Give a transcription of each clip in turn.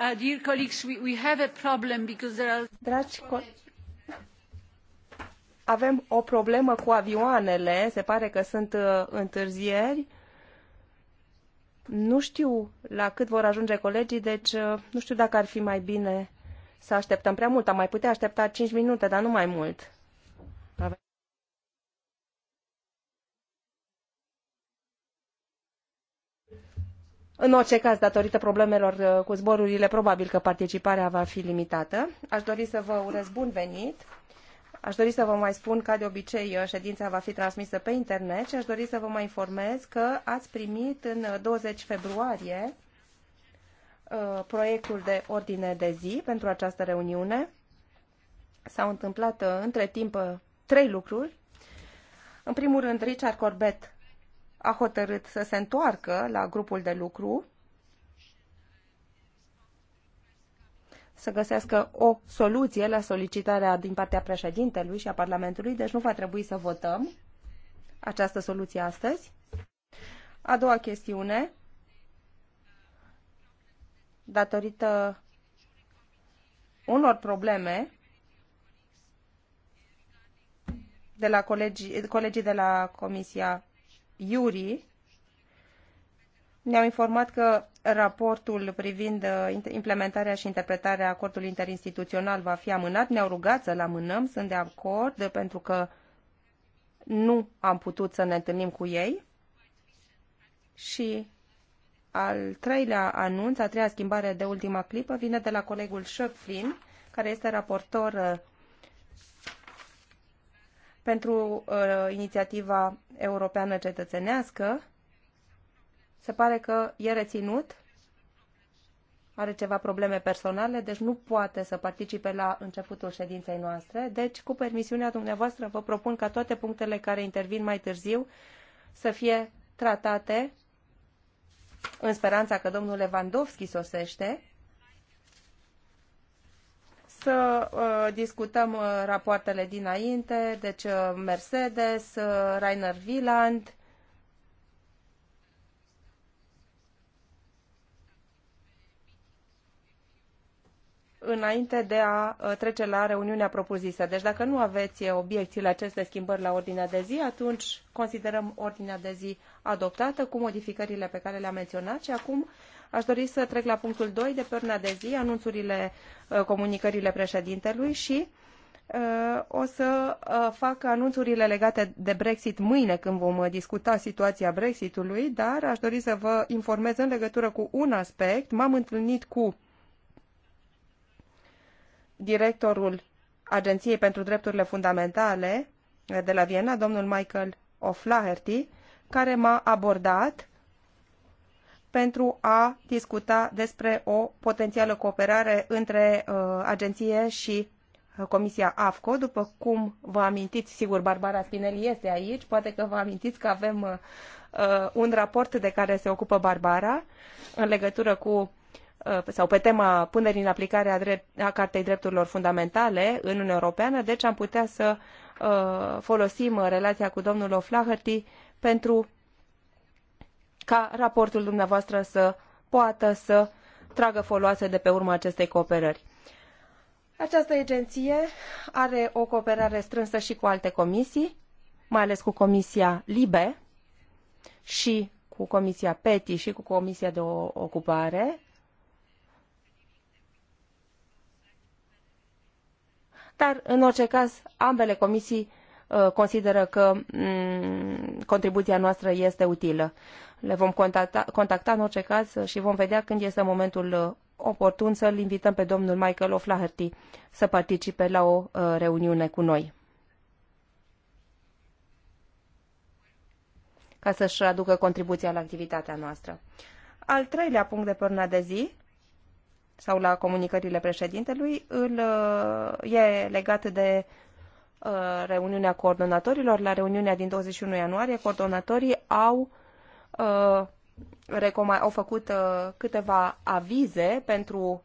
Uh, dear colleagues, we, we have a problem because there are... Dragi colegi, avem o problemă cu avioanele, se pare că sunt uh, întârzieri. Nu știu la cât vor ajunge colegii, deci uh, nu știu dacă ar fi mai bine să așteptăm prea mult. Am mai putea aștepta 5 minute, dar nu mai mult. În orice caz, datorită problemelor uh, cu zborurile, probabil că participarea va fi limitată. Aș dori să vă urez bun venit. Aș dori să vă mai spun, ca de obicei, uh, ședința va fi transmisă pe internet și aș dori să vă mai informez că ați primit în 20 uh, februarie proiectul de ordine de zi pentru această reuniune. S-au întâmplat între timp trei lucruri. În primul rând, Richard Corbett a hotărât să se întoarcă la grupul de lucru, să găsească o soluție la solicitarea din partea președintelui și a Parlamentului, deci nu va trebui să votăm această soluție astăzi. A doua chestiune, datorită unor probleme de la colegi, colegii de la Comisia Iuri ne-au informat că raportul privind uh, implementarea și interpretarea acordului interinstituțional va fi amânat. Ne-au rugat să-l amânăm, sunt de acord, pentru că nu am putut să ne întâlnim cu ei. Și al treilea anunț, a treia schimbare de ultima clipă, vine de la colegul Șöpflin, care este raportor uh, pentru uh, inițiativa europeană cetățenească. Se pare că e reținut, are ceva probleme personale, deci nu poate să participe la începutul ședinței noastre. Deci, cu permisiunea dumneavoastră, vă propun ca toate punctele care intervin mai târziu să fie tratate în speranța că domnul Lewandowski sosește să uh, discutăm uh, rapoartele dinainte, deci uh, Mercedes, uh, Rainer Wieland, înainte de a uh, trece la reuniunea propusă, Deci dacă nu aveți uh, obiecțiile aceste schimbări la ordinea de zi, atunci considerăm ordinea de zi adoptată cu modificările pe care le-am menționat și acum Aș dori să trec la punctul 2 de pe ordinea de zi, anunțurile, uh, comunicările președintelui și uh, o să uh, fac anunțurile legate de Brexit mâine când vom discuta situația Brexitului, dar aș dori să vă informez în legătură cu un aspect. M-am întâlnit cu directorul Agenției pentru Drepturile Fundamentale de la Viena, domnul Michael O'Flaherty, care m-a abordat pentru a discuta despre o potențială cooperare între uh, agenție și uh, Comisia AFCO. După cum vă amintiți, sigur, Barbara Spinelli este aici, poate că vă amintiți că avem uh, uh un raport de care se ocupă Barbara în legătură cu uh, sau pe tema punerii în aplicare a, drept, a Cartei Drepturilor Fundamentale în Uniunea Europeană, deci am putea să uh, folosim relația cu domnul O'Flaherty pentru ca raportul dumneavoastră să poată să tragă foloase de pe urma acestei cooperări. Această agenție are o cooperare strânsă și cu alte comisii, mai ales cu Comisia LIBE și cu Comisia PETI și cu Comisia de Ocupare. Dar, în orice caz, ambele comisii Uh, consideră că mm, contribuția noastră este utilă. Le vom contacta, contacta în orice caz și vom vedea când este momentul uh, oportun să-l invităm pe domnul Michael O'Flaherty să participe la o uh, reuniune cu noi. ca să-și aducă contribuția la activitatea noastră. Al treilea punct de până de zi, sau la comunicările președintelui, îl, e legat de Uh, reuniunea coordonatorilor, la reuniunea din 21 ianuarie, coordonatorii au, uh, au făcut uh, câteva avize pentru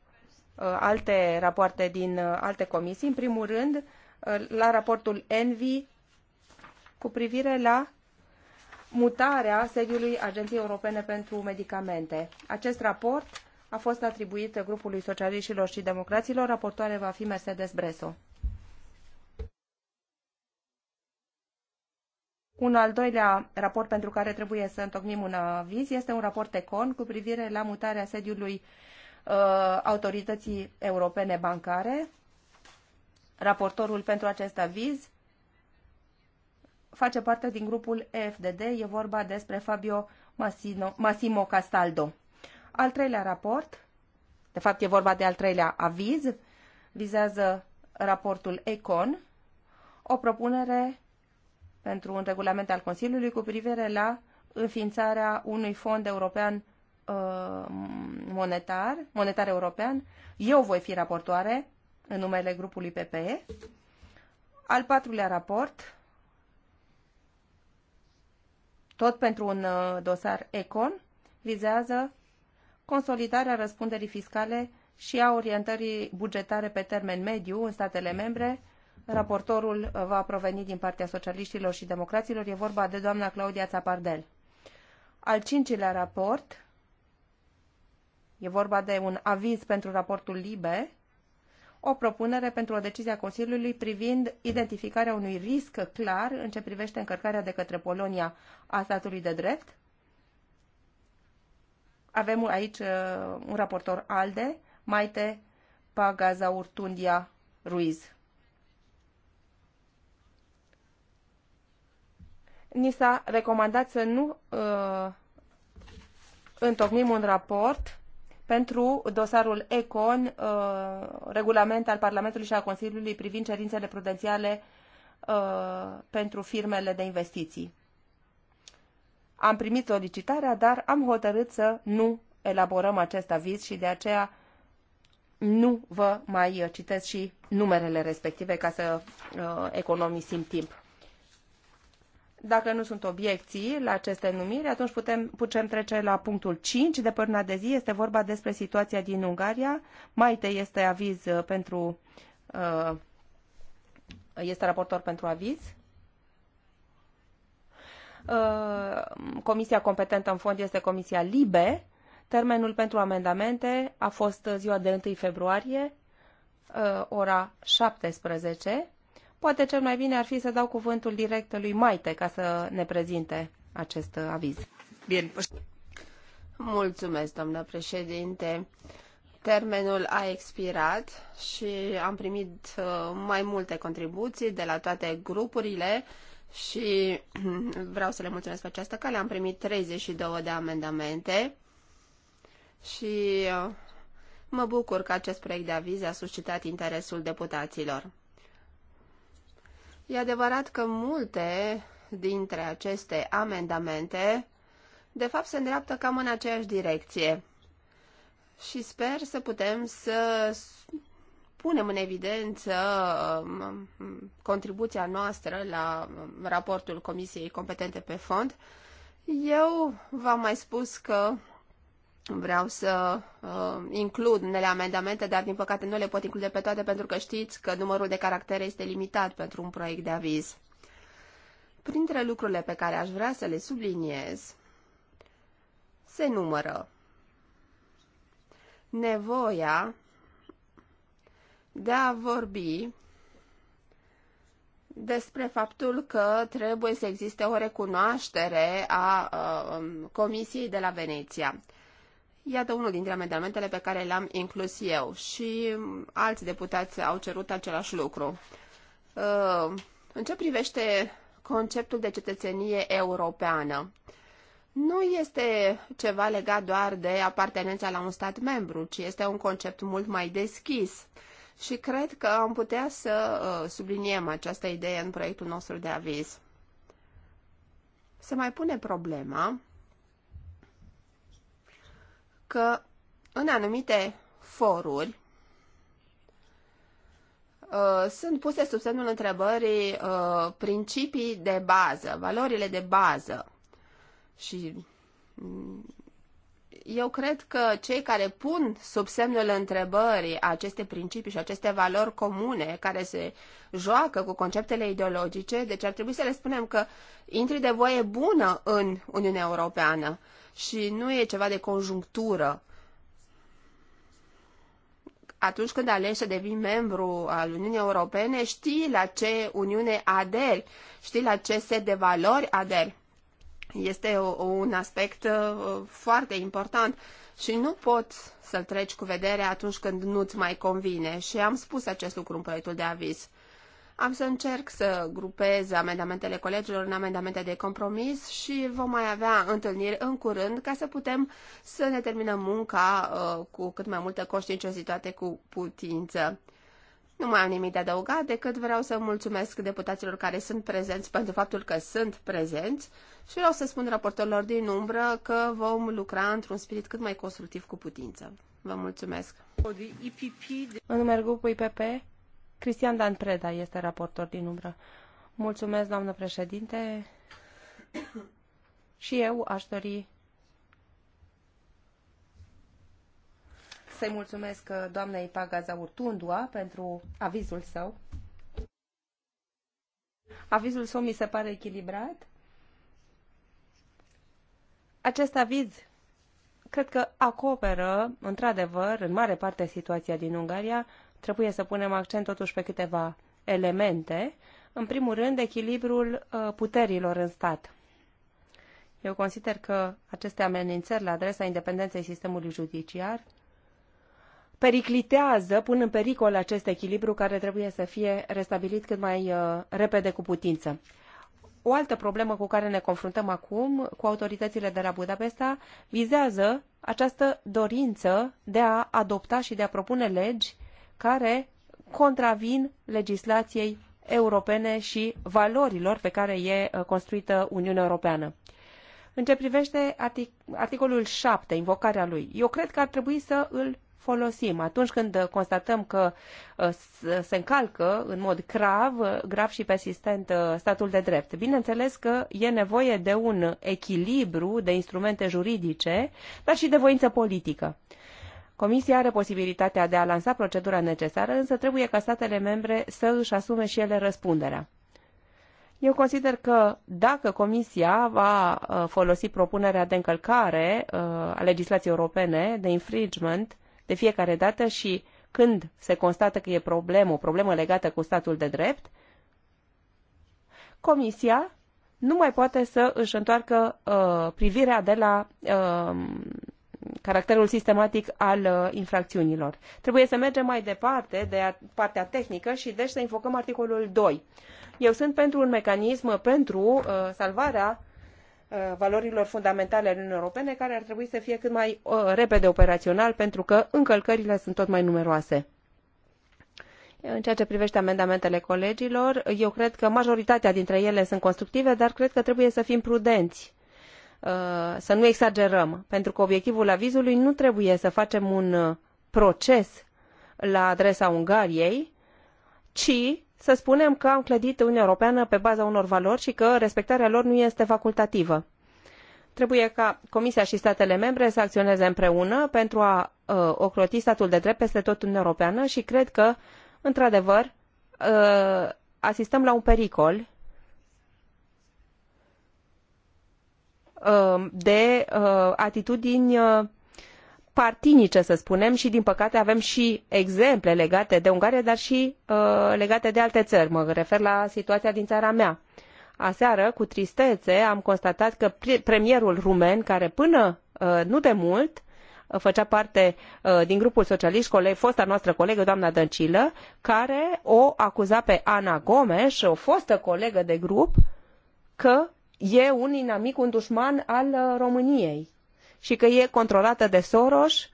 alte rapoarte din alte comisii. În primul rând, la raportul ENVI cu privire la mutarea sediului Agenției Europene pentru Medicamente. Acest raport a fost atribuit grupului socialiștilor și democraților. Raportoare va fi Mercedes Bresso. Un al doilea raport pentru care trebuie să întocmim un uh, aviz este un raport ECON cu privire la mutarea sediului uh, Autorității Europene Bancare. Raportorul pentru acest aviz face parte din grupul EFDD, e vorba despre Fabio Massino, Massimo Castaldo. Al treilea raport, de fapt e vorba de al treilea aviz, vizează raportul ECON, o propunere pentru un regulament al Consiliului cu privire la înființarea unui fond european uh, monetar, monetar european. Eu voi fi raportoare în numele grupului PPE. Al patrulea raport, tot pentru un uh, dosar ECON, vizează consolidarea răspunderii fiscale și a orientării bugetare pe termen mediu în statele membre Raportorul uh, va proveni din partea socialiștilor și democraților. E vorba de doamna Claudia Țapardel. Al cincilea raport, e vorba de un aviz pentru raportul LIBE, o propunere pentru o decizie a Consiliului privind identificarea unui risc clar în ce privește încărcarea de către Polonia a statului de drept. Avem aici uh, un raportor ALDE, Maite Pagazaurtundia Ruiz. ni s-a recomandat să nu uh, întocmim un raport pentru dosarul ECON, uh, regulament al Parlamentului și al Consiliului privind cerințele prudențiale uh, pentru firmele de investiții. Am primit solicitarea, dar am hotărât să nu elaborăm acest aviz și de aceea nu vă mai citesc și numerele respective ca să uh, economisim timp. Dacă nu sunt obiecții la aceste numiri, atunci putem, putem trece la punctul 5 de până de zi. Este vorba despre situația din Ungaria. Maite este aviz uh, pentru uh, este raportor pentru aviz. Uh, comisia competentă în fond este Comisia LIBE. Termenul pentru amendamente a fost ziua de 1 februarie, ora 17. Poate cel mai bine ar fi să dau cuvântul direct lui Maite ca să ne prezinte acest uh, aviz. Bine. Păi- mulțumesc, doamnă președinte. Termenul a expirat și am primit uh, mai multe contribuții de la toate grupurile și vreau să le mulțumesc pe această cale. Am primit 32 de amendamente și uh, mă bucur că acest proiect de aviz a suscitat interesul deputaților. E adevărat că multe dintre aceste amendamente, de fapt, se îndreaptă cam în aceeași direcție. Și sper să putem să punem în evidență um, um, contribuția noastră la um, raportul Comisiei Competente pe Fond. Eu v-am mai spus că vreau să uh, includ unele amendamente, dar din păcate nu le pot include pe toate pentru că știți că numărul de caractere este limitat pentru un proiect de aviz. Printre lucrurile pe care aș vrea să le subliniez, se numără nevoia de a vorbi despre faptul că trebuie să existe o recunoaștere a, a uh, Comisiei de la Veneția. Iată unul dintre amendamentele pe care le-am inclus eu și alți deputați au cerut același lucru. Uh, în ce privește conceptul de cetățenie europeană, nu este ceva legat doar de apartenența la un stat membru, ci este un concept mult mai deschis. Și cred că am putea să uh, subliniem această idee în proiectul nostru de aviz. Se mai pune problema că în anumite foruri uh, sunt puse sub semnul întrebării uh, principii de bază, valorile de bază. Și mm, eu cred că cei care pun sub semnul întrebării aceste principii și aceste valori comune care se joacă cu conceptele ideologice, deci ar trebui să le spunem că intri de voie bună în Uniunea Europeană și nu e ceva de conjunctură. Atunci când alegi să devii membru al Uniunii Europene, știi la ce Uniune aderi, știi la ce set de valori aderi. Este o, un aspect uh, foarte important și nu pot să-l treci cu vedere atunci când nu-ți mai convine. Și am spus acest lucru în proiectul de aviz. Am să încerc să grupez amendamentele colegilor în amendamente de compromis și vom mai avea întâlniri în curând ca să putem să ne terminăm munca uh, cu cât mai multă conștiinciozitate cu putință. Nu mai am nimic de adăugat, decât vreau să mulțumesc deputaților care sunt prezenți pentru faptul că sunt prezenți și vreau să spun raportorilor din umbră că vom lucra într-un spirit cât mai constructiv cu putință. Vă mulțumesc! În numele grupului PP, Cristian Dan Preda este raportor din umbră. Mulțumesc, doamnă președinte. Și eu aș dori să-i mulțumesc uh, doamnei Pagaza Urtundua pentru avizul său. Avizul său mi se pare echilibrat. Acest aviz cred că acoperă, într-adevăr, în mare parte situația din Ungaria, Trebuie să punem accent totuși pe câteva elemente. În primul rând, echilibrul uh, puterilor în stat. Eu consider că aceste amenințări la adresa independenței sistemului judiciar periclitează, pun în pericol acest echilibru care trebuie să fie restabilit cât mai uh, repede cu putință. O altă problemă cu care ne confruntăm acum cu autoritățile de la Budapesta vizează această dorință de a adopta și de a propune legi care contravin legislației europene și valorilor pe care e uh, construită Uniunea Europeană. În ce privește artic- articolul 7, invocarea lui, eu cred că ar trebui să îl folosim atunci când uh, constatăm că uh, se încalcă în mod grav, grav și persistent statul de drept. Bineînțeles că e nevoie de un echilibru de instrumente juridice, dar și de voință politică. Comisia are posibilitatea de a lansa procedura necesară, însă trebuie ca statele membre să își asume și ele răspunderea. Eu consider că dacă Comisia va uh, folosi propunerea de încălcare uh, a legislației europene, de infringement, de fiecare dată și când se constată că e problemă, o problemă legată cu statul de drept, Comisia nu mai poate să își întoarcă uh, privirea de la uh, caracterul sistematic al uh, infracțiunilor. Trebuie să mergem mai departe de partea tehnică și deci să invocăm articolul 2. Eu sunt pentru un mecanism pentru uh, salvarea uh, valorilor fundamentale ale Uniunii Europene, care ar trebui să fie cât mai repede operațional, pentru că încălcările sunt tot mai numeroase. În ceea ce privește amendamentele colegilor, eu cred că majoritatea dintre ele sunt constructive, dar cred că trebuie să fim prudenți Uh, să nu exagerăm, pentru că obiectivul avizului nu trebuie să facem un uh, proces la adresa Ungariei, ci să spunem că am clădit Uniunea Europeană pe baza unor valori și că respectarea lor nu este facultativă. Trebuie ca Comisia și statele membre să acționeze împreună pentru a uh, ocroti statul de drept peste tot Uniunea Europeană și cred că, într-adevăr, uh, asistăm la un pericol Um, de uh, atitudini uh, partinice, să spunem, și din păcate avem și exemple legate de Ungaria, dar și uh, legate de alte țări. Mă refer la situația din țara mea. Aseară, cu tristețe, am constatat că premierul rumen, care până nu de mult făcea parte din grupul socialist, coleg, fosta noastră colegă, doamna Dăncilă, care o acuza pe Ana Gomes, o fostă colegă de grup, că e un inamic, un dușman al uh, României și că e controlată de Soros.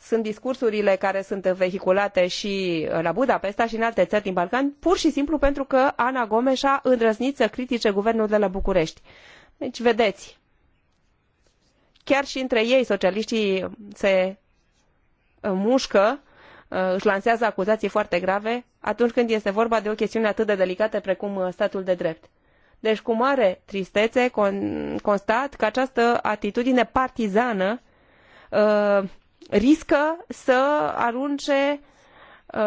Sunt discursurile care sunt vehiculate și uh, la Budapesta și în alte țări din Balcan, pur și simplu pentru că Ana Gomes a îndrăznit să critique guvernul de la București. Deci, vedeți, chiar și între ei socialiștii se uh, mușcă, își lansează acuzații foarte grave atunci când este vorba de o chestiune atât de delicată precum statul de drept. Deci, cu mare tristețe, con- constat că această atitudine partizană uh, riscă să arunce uh,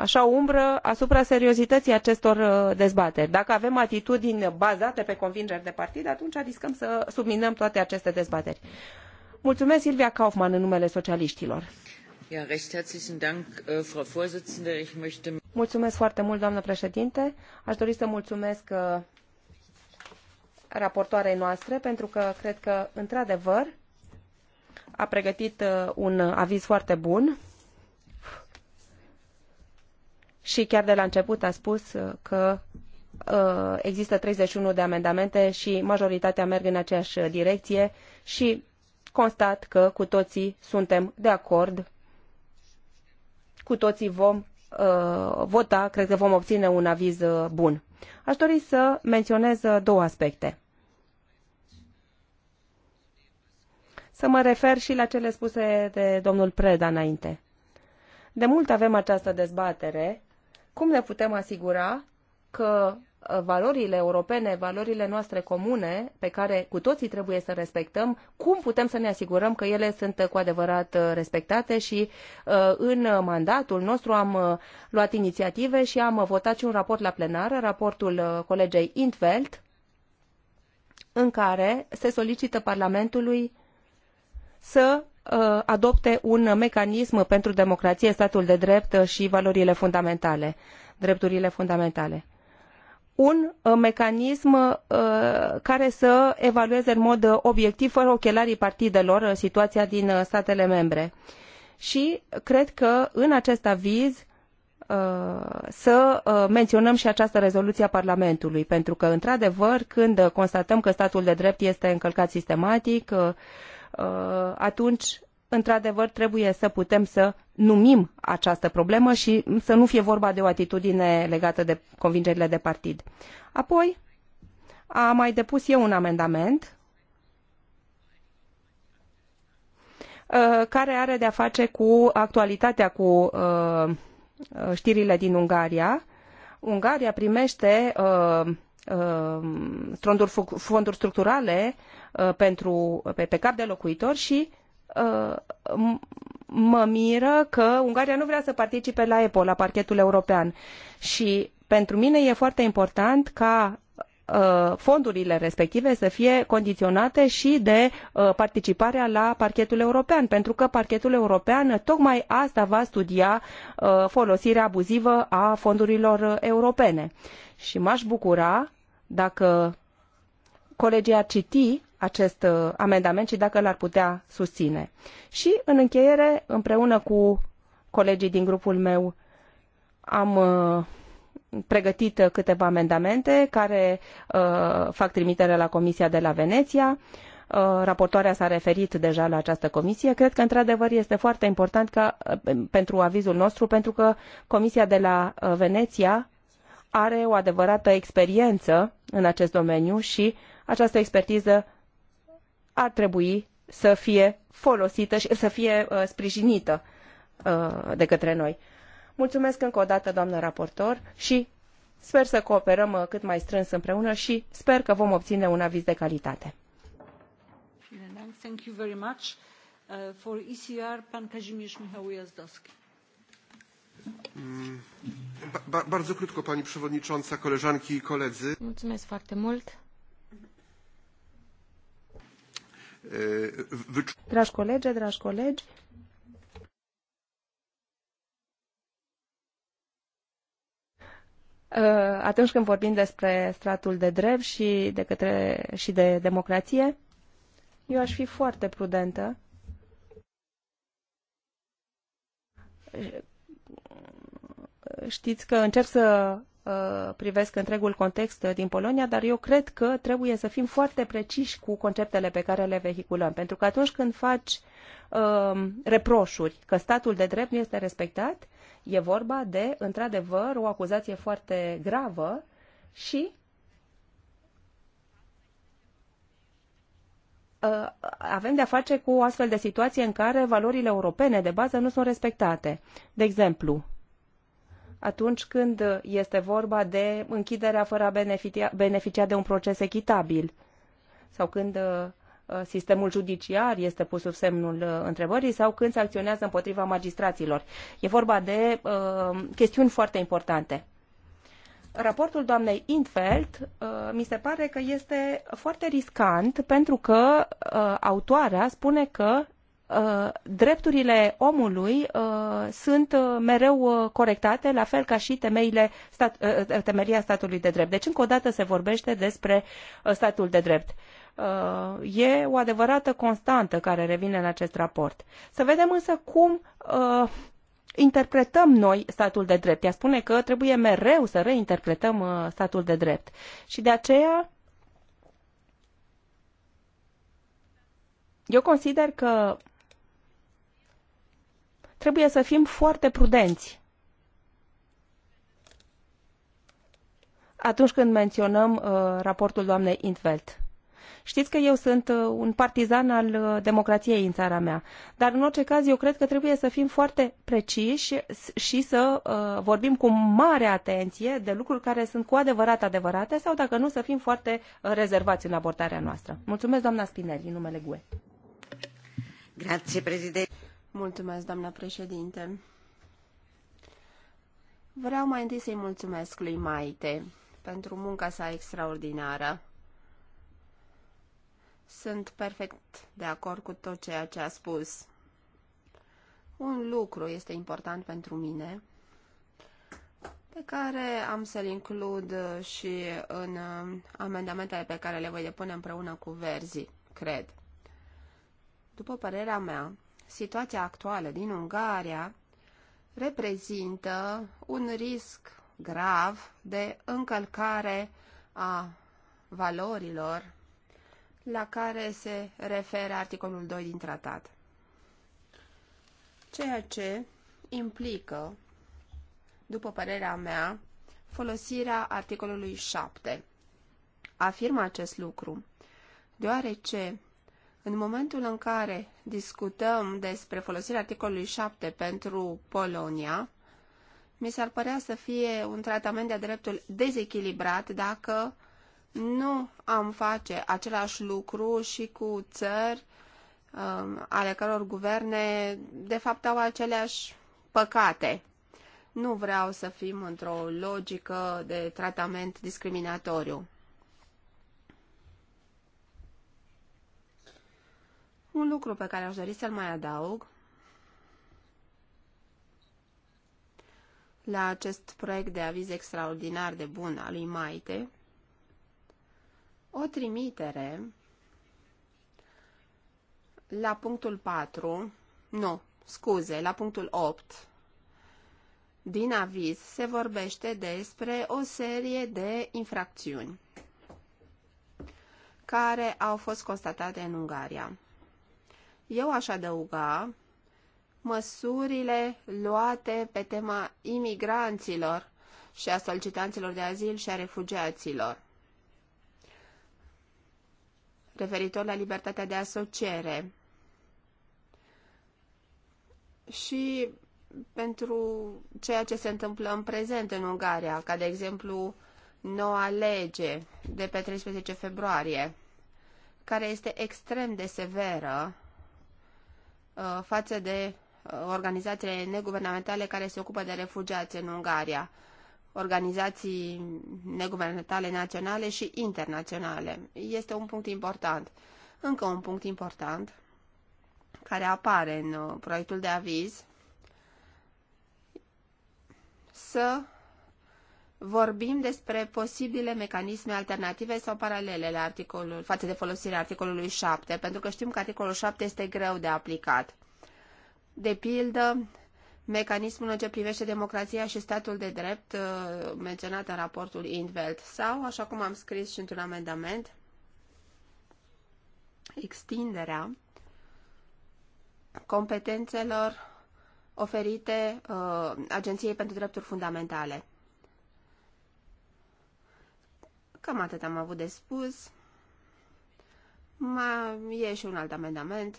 așa umbră asupra seriozității acestor uh, dezbateri. Dacă avem atitudini bazate pe convingeri de partid, atunci riscăm să subminăm toate aceste dezbateri. Mulțumesc, Silvia Kaufmann, în numele socialiștilor. Äh, mulțumesc foarte mult, doamnă președinte. Aș dori să mulțumesc uh, raportoarei noastre, pentru că cred că, într-adevăr, a pregătit uh, un uh, aviz foarte bun și chiar de la început a spus uh, că există 31 de amendamente și majoritatea merg în aceeași direcție și constat că cu toții suntem de acord, cu toții vom vota, cred că vom obține un aviz bun. Aș dori să menționez uh, două aspecte. Să mă refer și la cele spuse de domnul Preda înainte. De mult avem această dezbatere. Cum ne putem asigura că valorile europene, valorile noastre comune, pe care cu toții trebuie să respectăm, cum putem să ne asigurăm că ele sunt cu adevărat uh, respectate și uh, în mandatul nostru am uh, luat inițiative și am votat și un raport la plenară, raportul colegei Intveld, în care se solicită Parlamentului să adopte un mecanism pentru democrație, statul de drept și valorile fundamentale, drepturile fundamentale un uh, mecanism uh, care să evalueze în mod uh, obiectiv, fără ochelarii partidelor, situația din statele membre. Și cred că în acest aviz să menționăm și această rezoluie a Parlamentului, pentru că, într-adevăr, când constatăm că statul de drept este încălcat sistematic, atunci într-adevăr, trebuie să putem să numim această problemă și să nu fie vorba de o atitudine legată de convingerile de partid. Apoi, am mai depus eu un amendament uh, care are de-a face cu actualitatea, cu uh, știrile din Ungaria. Ungaria primește uh, fonduri structurale pentru, pe, pe cap de locuitor și Uh, mă miră că Ungaria nu vrea să participe la EPO, la parchetul european. Și pentru mine e foarte important ca uh, fondurile respective să fie condiționate și de uh, participarea la parchetul european, pentru că parchetul european tocmai asta va studia folosirea abuzivă a fondurilor europene. Și m-aș bucura dacă colegii ar citi acest uh, amendament și dacă l-ar putea susține. Și, în încheiere, împreună cu colegii din grupul meu, am uh, pregătit câteva amendamente care uh, fac trimitere la Comisia de la Veneția. raportoarea s-a referit deja la această comisie. Cred că, într-adevăr, este foarte important ca, pentru avizul nostru, pentru că Comisia de la Veneția are o adevărată experiență în acest domeniu și această expertiză ar trebui să fie folosită și să fie uh, sprijinită uh, de către noi. Mulțumesc încă o dată, doamnă raportor, și sper să cooperăm uh, cât mai strâns împreună și sper că vom obține un aviz de calitate. Thank you very much. Uh, for ECR, pan Kazimierz Michał Jazdowski. Mm, ba, bardzo krótko, pani przewodnicząca, koleżanki i koledzy. Mulțumesc foarte mult. Dragi colegi, dragi colegi, uh, atunci când vorbim despre stratul de drept și de, către, și de democrație, eu aș fi foarte prudentă știți că încerc să Uh, privesc întregul context din Polonia, dar eu cred că trebuie să fim foarte preciși cu conceptele pe care le vehiculăm, pentru că atunci când faci uh, reproșuri că statul de drept nu este respectat, e vorba de, într-adevăr, o acuzație foarte gravă și uh, avem de-a face cu o astfel de situație în care valorile europene de bază nu sunt respectate. De exemplu, atunci când este vorba de închiderea fără a beneficia, beneficia de un proces echitabil sau când uh, uh, sistemul judiciar este pus sub semnul uh, întrebării sau când se acționează împotriva magistraților. E vorba de uh, chestiuni foarte importante. Raportul doamnei Intfeld uh, mi se pare că este foarte riscant pentru că uh, autoarea spune că Uh, drepturile omului uh, sunt uh, mereu corectate, la fel ca și temeile stat, temelia statului de drept. Deci, încă o dată se vorbește despre statul de drept. E o adevărată constantă care revine în acest raport. Să vedem însă cum interpretăm noi statul de drept. Ea spune că trebuie mereu să reinterpretăm statul de drept. Și de aceea eu consider că trebuie să fim foarte prudenți atunci când menționăm uh, raportul doamnei Intveld. Știți că eu sunt uh, un partizan al uh, democrației în țara mea, dar în orice caz eu cred că trebuie să fim foarte preciși și să uh, vorbim cu mare atenție de lucruri care sunt cu adevărat adevărate sau dacă nu să fim foarte uh, rezervați în abordarea noastră. Mulțumesc doamna Spinelli, numele GUE. Grazie, președinte președinte. Vreau mai întâi să-i mulțumesc lui Maite pentru munca sa extraordinară. Sunt perfect de acord cu tot ceea ce a spus. Un lucru este important pentru mine, pe care am să-l includ și în uh, amendamentele pe care le voi depune împreună cu verzii, cred. După părerea mea, situația actuală din Ungaria reprezintă un risc grav de încălcare a valorilor la care se referă articolul 2 din tratat. Ceea ce implică, după părerea mea, folosirea articolului 7. Afirm acest lucru, deoarece în momentul în care discutăm despre folosirea articolului 7 pentru Polonia, mi s-ar părea să fie un tratament de-a dreptul dezechilibrat dacă nu am face același lucru și cu țări um, ale căror guverne de fapt au aceleași păcate. Nu vreau să fim într-o logică de tratament discriminatoriu. Un lucru pe care aș dori să-l mai adaug la acest proiect de aviz extraordinar de bun al lui Maite, o trimitere la punctul 4, nu, scuze, la punctul 8, din aviz se vorbește despre o serie de infracțiuni care au fost constatate în Ungaria. Eu aș adăuga măsurile luate pe tema imigranților și a solicitanților de azil și a refugiaților. Referitor la libertatea de asociere. Și pentru ceea ce se întâmplă în prezent în Ungaria, ca de exemplu noua lege de pe 13 februarie, care este extrem de severă Uh, față de uh, organizațiile neguvernamentale care se ocupă de refugiați în Ungaria, organizații neguvernamentale naționale și internaționale. Este un punct important. Încă un punct important care apare în uh, proiectul de aviz să vorbim despre posibile mecanisme alternative sau paralele la articolul, față de folosirea articolului 7, pentru că știm că articolul 7 este greu de aplicat. De pildă, mecanismul în ce privește democrația și statul de drept uh, menționat în raportul Invelt sau, așa cum am scris și într-un amendament, extinderea competențelor oferite uh, Agenției pentru Drepturi Fundamentale. Cam atât am avut de spus. Mai e și un alt amendament,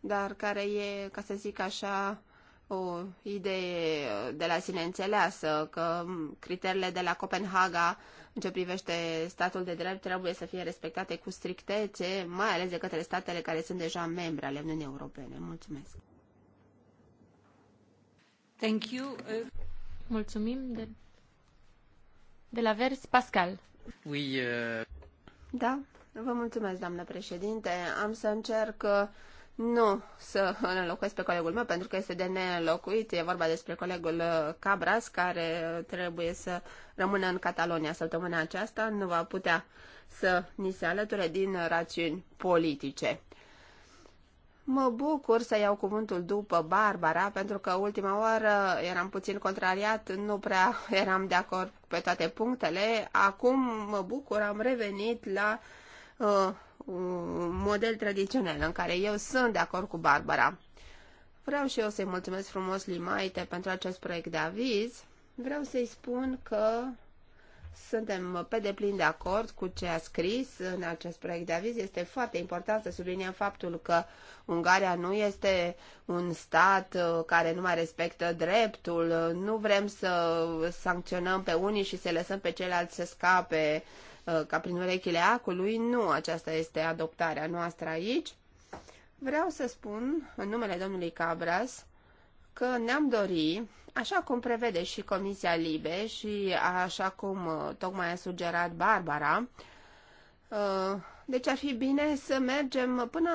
dar care e, ca să zic așa, o idee de la sine înțeleasă, că criteriile de la Copenhaga în ce privește statul de drept trebuie să fie respectate cu strictețe, mai ales de către statele care sunt deja membre ale Uniunii Europene. Mulțumesc! Thank you. Mulțumim de de la Vers, Pascal. Oui, uh... Da, vă mulțumesc, doamnă președinte. Am să încerc uh, nu să îl înlocuiesc pe colegul meu, pentru că este de neînlocuit. E vorba despre colegul uh, Cabras, care uh, trebuie să rămână în Catalonia săptămâna aceasta. Nu va putea să ni se alăture din rațiuni politice. Mă bucur să iau cuvântul după Barbara, pentru că ultima oară eram puțin contrariat, nu prea eram de acord pe toate punctele. Acum mă bucur, am revenit la uh, un model tradițional în care eu sunt de acord cu Barbara. Vreau și eu să-i mulțumesc frumos limaite pentru acest proiect de aviz. Vreau să-i spun că suntem pe deplin de acord cu ce a scris în acest proiect de aviz. Este foarte important să subliniem faptul că Ungaria nu este un stat uh, care nu mai respectă dreptul. Nu vrem să sancționăm pe unii și să lăsăm pe ceilalți să scape uh, ca prin urechile acului. Nu, aceasta este adoptarea noastră aici. Vreau să spun, în numele domnului Cabras, că ne-am dorit Așa cum prevede și Comisia Libe și așa cum uh, tocmai a sugerat Barbara, uh, deci ar fi bine să mergem până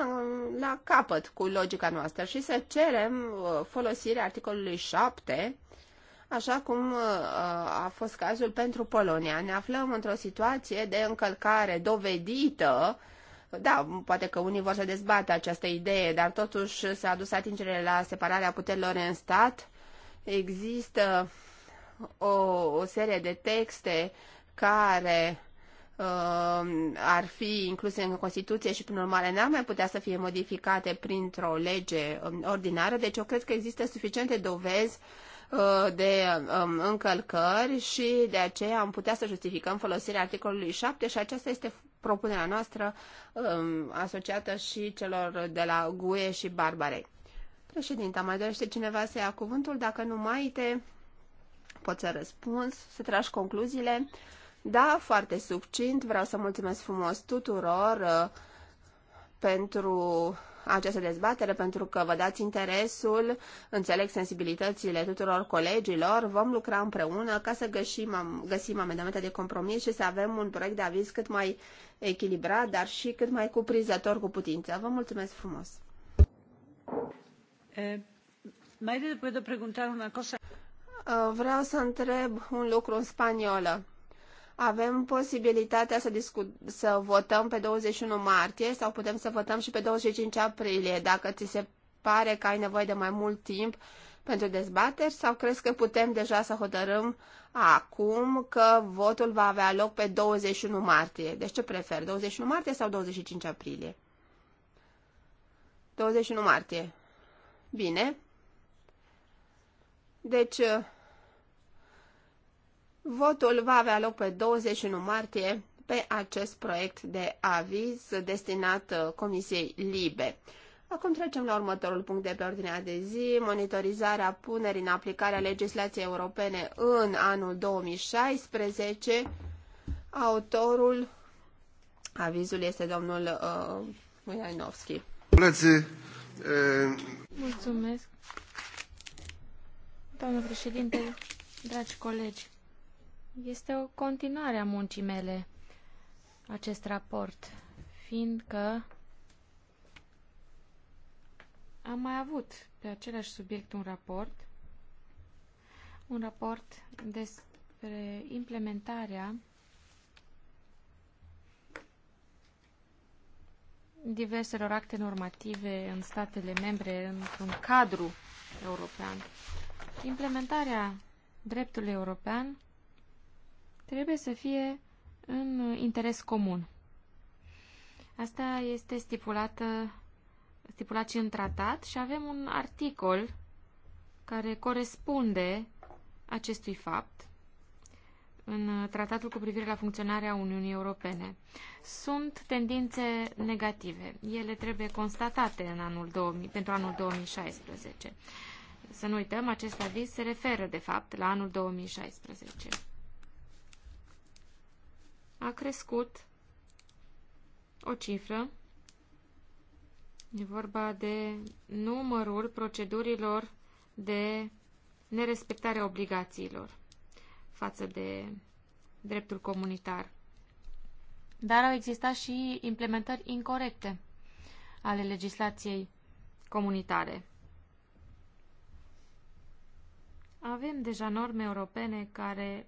la capăt cu logica noastră și să cerem uh, folosirea articolului 7, așa cum a fost cazul pentru Polonia. Ne aflăm într-o situație de încălcare dovedită da, poate că unii vor să dezbată această idee, dar totuși s-a dus atingere la separarea puterilor în stat Există o, o serie de texte care uh, ar fi incluse în Constituție și, prin urmare, n-ar mai putea să fie modificate printr-o lege um, ordinară. Deci, eu cred că există suficiente dovezi uh, de um, încălcări și de aceea am putea să justificăm folosirea articolului 7 și aceasta este propunerea noastră um, asociată și celor de la GUE și Barbarei. Președinta, mai dorește cineva să ia cuvântul? Dacă nu mai te poți să răspunzi, să tragi concluziile. Da, foarte succint. Vreau să mulțumesc frumos tuturor uh, pentru această dezbatere, pentru că vă dați interesul, înțeleg sensibilitățile tuturor colegilor, vom lucra împreună ca să găsim, găsim amendamente de compromis și să avem un proiect de aviz cât mai echilibrat, dar și cât mai cuprinzător cu putință. Vă mulțumesc frumos! Vreau să întreb un lucru în spaniolă. Avem posibilitatea să, discut, să votăm pe 21 martie sau putem să votăm și pe 25 aprilie, dacă ți se pare că ai nevoie de mai mult timp pentru dezbateri sau crezi că putem deja să hotărâm acum că votul va avea loc pe 21 martie? Deci ce prefer, 21 martie sau 25 aprilie? 21 martie. Bine. Deci, uh, votul va avea loc pe 21 martie pe acest proiect de aviz destinat uh, Comisiei Libe. Acum trecem la următorul punct de pe ordinea de zi, monitorizarea punerii în aplicare a legislației europene în anul 2016. Autorul avizului este domnul uh, Uianovski. Mulțumesc. Doamnă președinte, dragi colegi, este o continuare a muncii mele acest raport, fiindcă am mai avut pe același subiect un raport, un raport despre implementarea diverselor acte normative în statele membre într-un cadru european. Implementarea dreptului european trebuie să fie în interes comun. Asta este stipulată, stipulat și în tratat și avem un articol care corespunde acestui fapt în tratatul cu privire la funcționarea Uniunii Europene. Sunt tendințe negative. Ele trebuie constatate în anul 2000, pentru anul 2016. Să nu uităm, acest aviz se referă, de fapt, la anul 2016. A crescut o cifră. E vorba de numărul procedurilor de nerespectare obligațiilor față de dreptul comunitar. Dar au existat și implementări incorrecte ale legislației comunitare. Avem deja norme europene care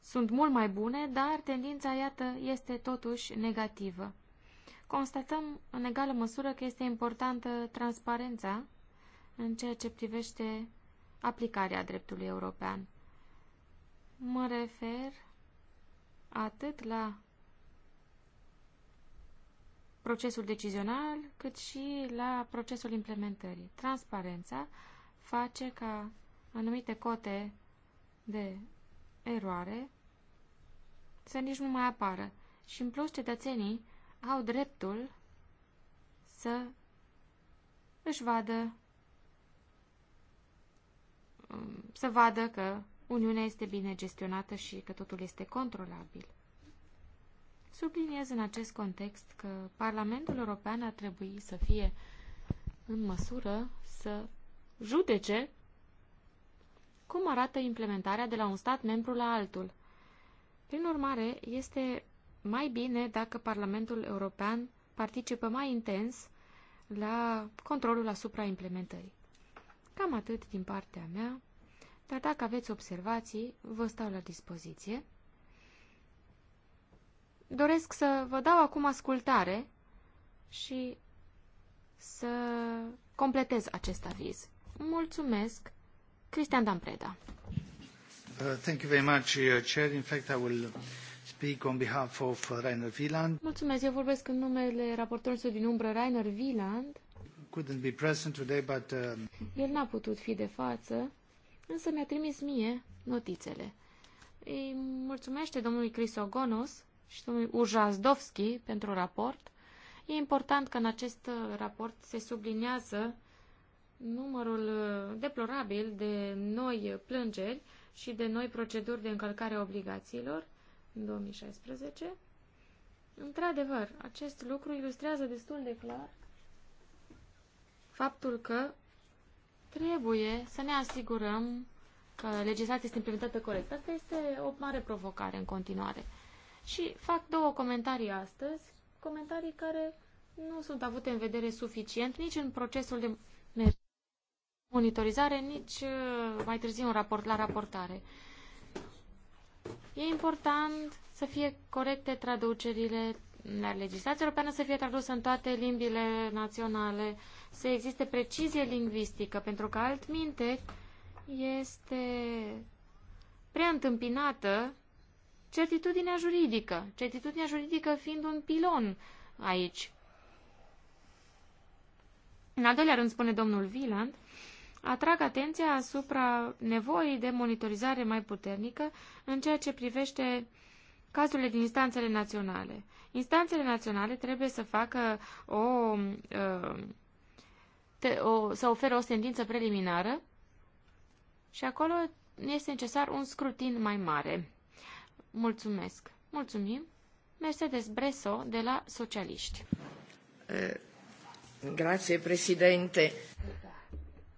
sunt mult mai bune, dar tendința, iată, este totuși negativă. Constatăm în egală măsură că este importantă transparența în ceea ce privește aplicarea dreptului european. Mă refer atât la procesul decizional, cât și la procesul implementării. Transparența face ca anumite cote de eroare să nici nu mai apară. Și în plus cetățenii au dreptul să își vadă să vadă că Uniunea este bine gestionată și că totul este controlabil. Subliniez în acest context că Parlamentul European ar trebui să fie în măsură să judece cum arată implementarea de la un stat membru la altul. Prin urmare, este mai bine dacă Parlamentul European participă mai intens la controlul asupra implementării. Cam atât din partea mea, dar dacă aveți observații, vă stau la dispoziție. Doresc să vă dau acum ascultare și să completez acest aviz. Mulțumesc, Cristian Dampreda. Uh, thank you very much, uh, Chair. In fact, I will speak on behalf of uh, Rainer Wieland. Mulțumesc, eu vorbesc în numele raportorului din umbră Rainer Wieland couldn't be present today, but... Um, El n-a putut fi de față, însă mi-a trimis mie notițele. Îi mulțumește domnului Crisogonos și domnului Ujazdovski pentru raport. E important că în acest raport se subliniază numărul uh, deplorabil de noi plângeri și de noi proceduri de încălcare a obligațiilor în 2016. Într-adevăr, acest lucru ilustrează destul de clar faptul că trebuie să ne asigurăm că legislația este implementată corect. Asta este o mare provocare în continuare. Și fac două comentarii astăzi, comentarii care nu sunt avute în vedere suficient nici în procesul de monitorizare, nici uh, mai târziu un raport, la raportare. E important să fie corecte traducerile, la legislația europeană să fie tradusă în toate limbile naționale, să existe precizie lingvistică, pentru că altminte este prea întâmpinată certitudinea juridică, certitudinea juridică fiind un pilon aici. În al doilea rând, spune domnul Viland, atrag atenția asupra nevoii de monitorizare mai puternică în ceea ce privește cazurile din instanțele naționale. Instanțele naționale trebuie să facă o, uh, te, o să oferă o sentință preliminară și acolo este necesar un scrutin mai mare. Mulțumesc. Mulțumim. Mercedes Breso de la Socialiști. Eh, grazie, președinte.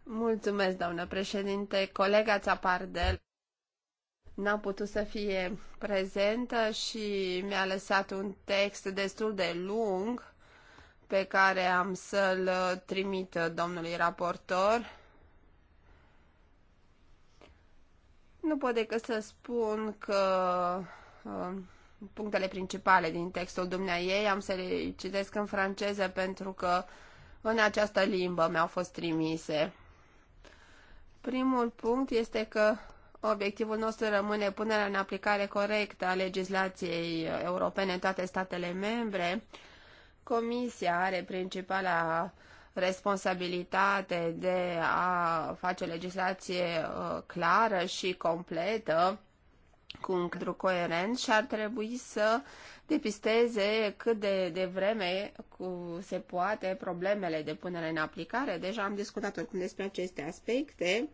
Mulțumesc, doamnă președinte. Colega Țapardel n a putut să fie prezentă și mi-a lăsat un text destul de lung pe care am să-l trimit domnului raportor. Nu pot decât să spun că uh, punctele principale din textul dumneaei am să le citesc în franceză pentru că în această limbă mi-au fost trimise. Primul punct este că Obiectivul nostru rămâne punerea în aplicare corectă a legislației europene în toate statele membre. Comisia are principala responsabilitate de a face legislație uh, clară și completă cu un cadru coerent și ar trebui să depisteze cât de, de vreme cu, se poate problemele de punere în aplicare. Deja am discutat oricum despre aceste aspecte.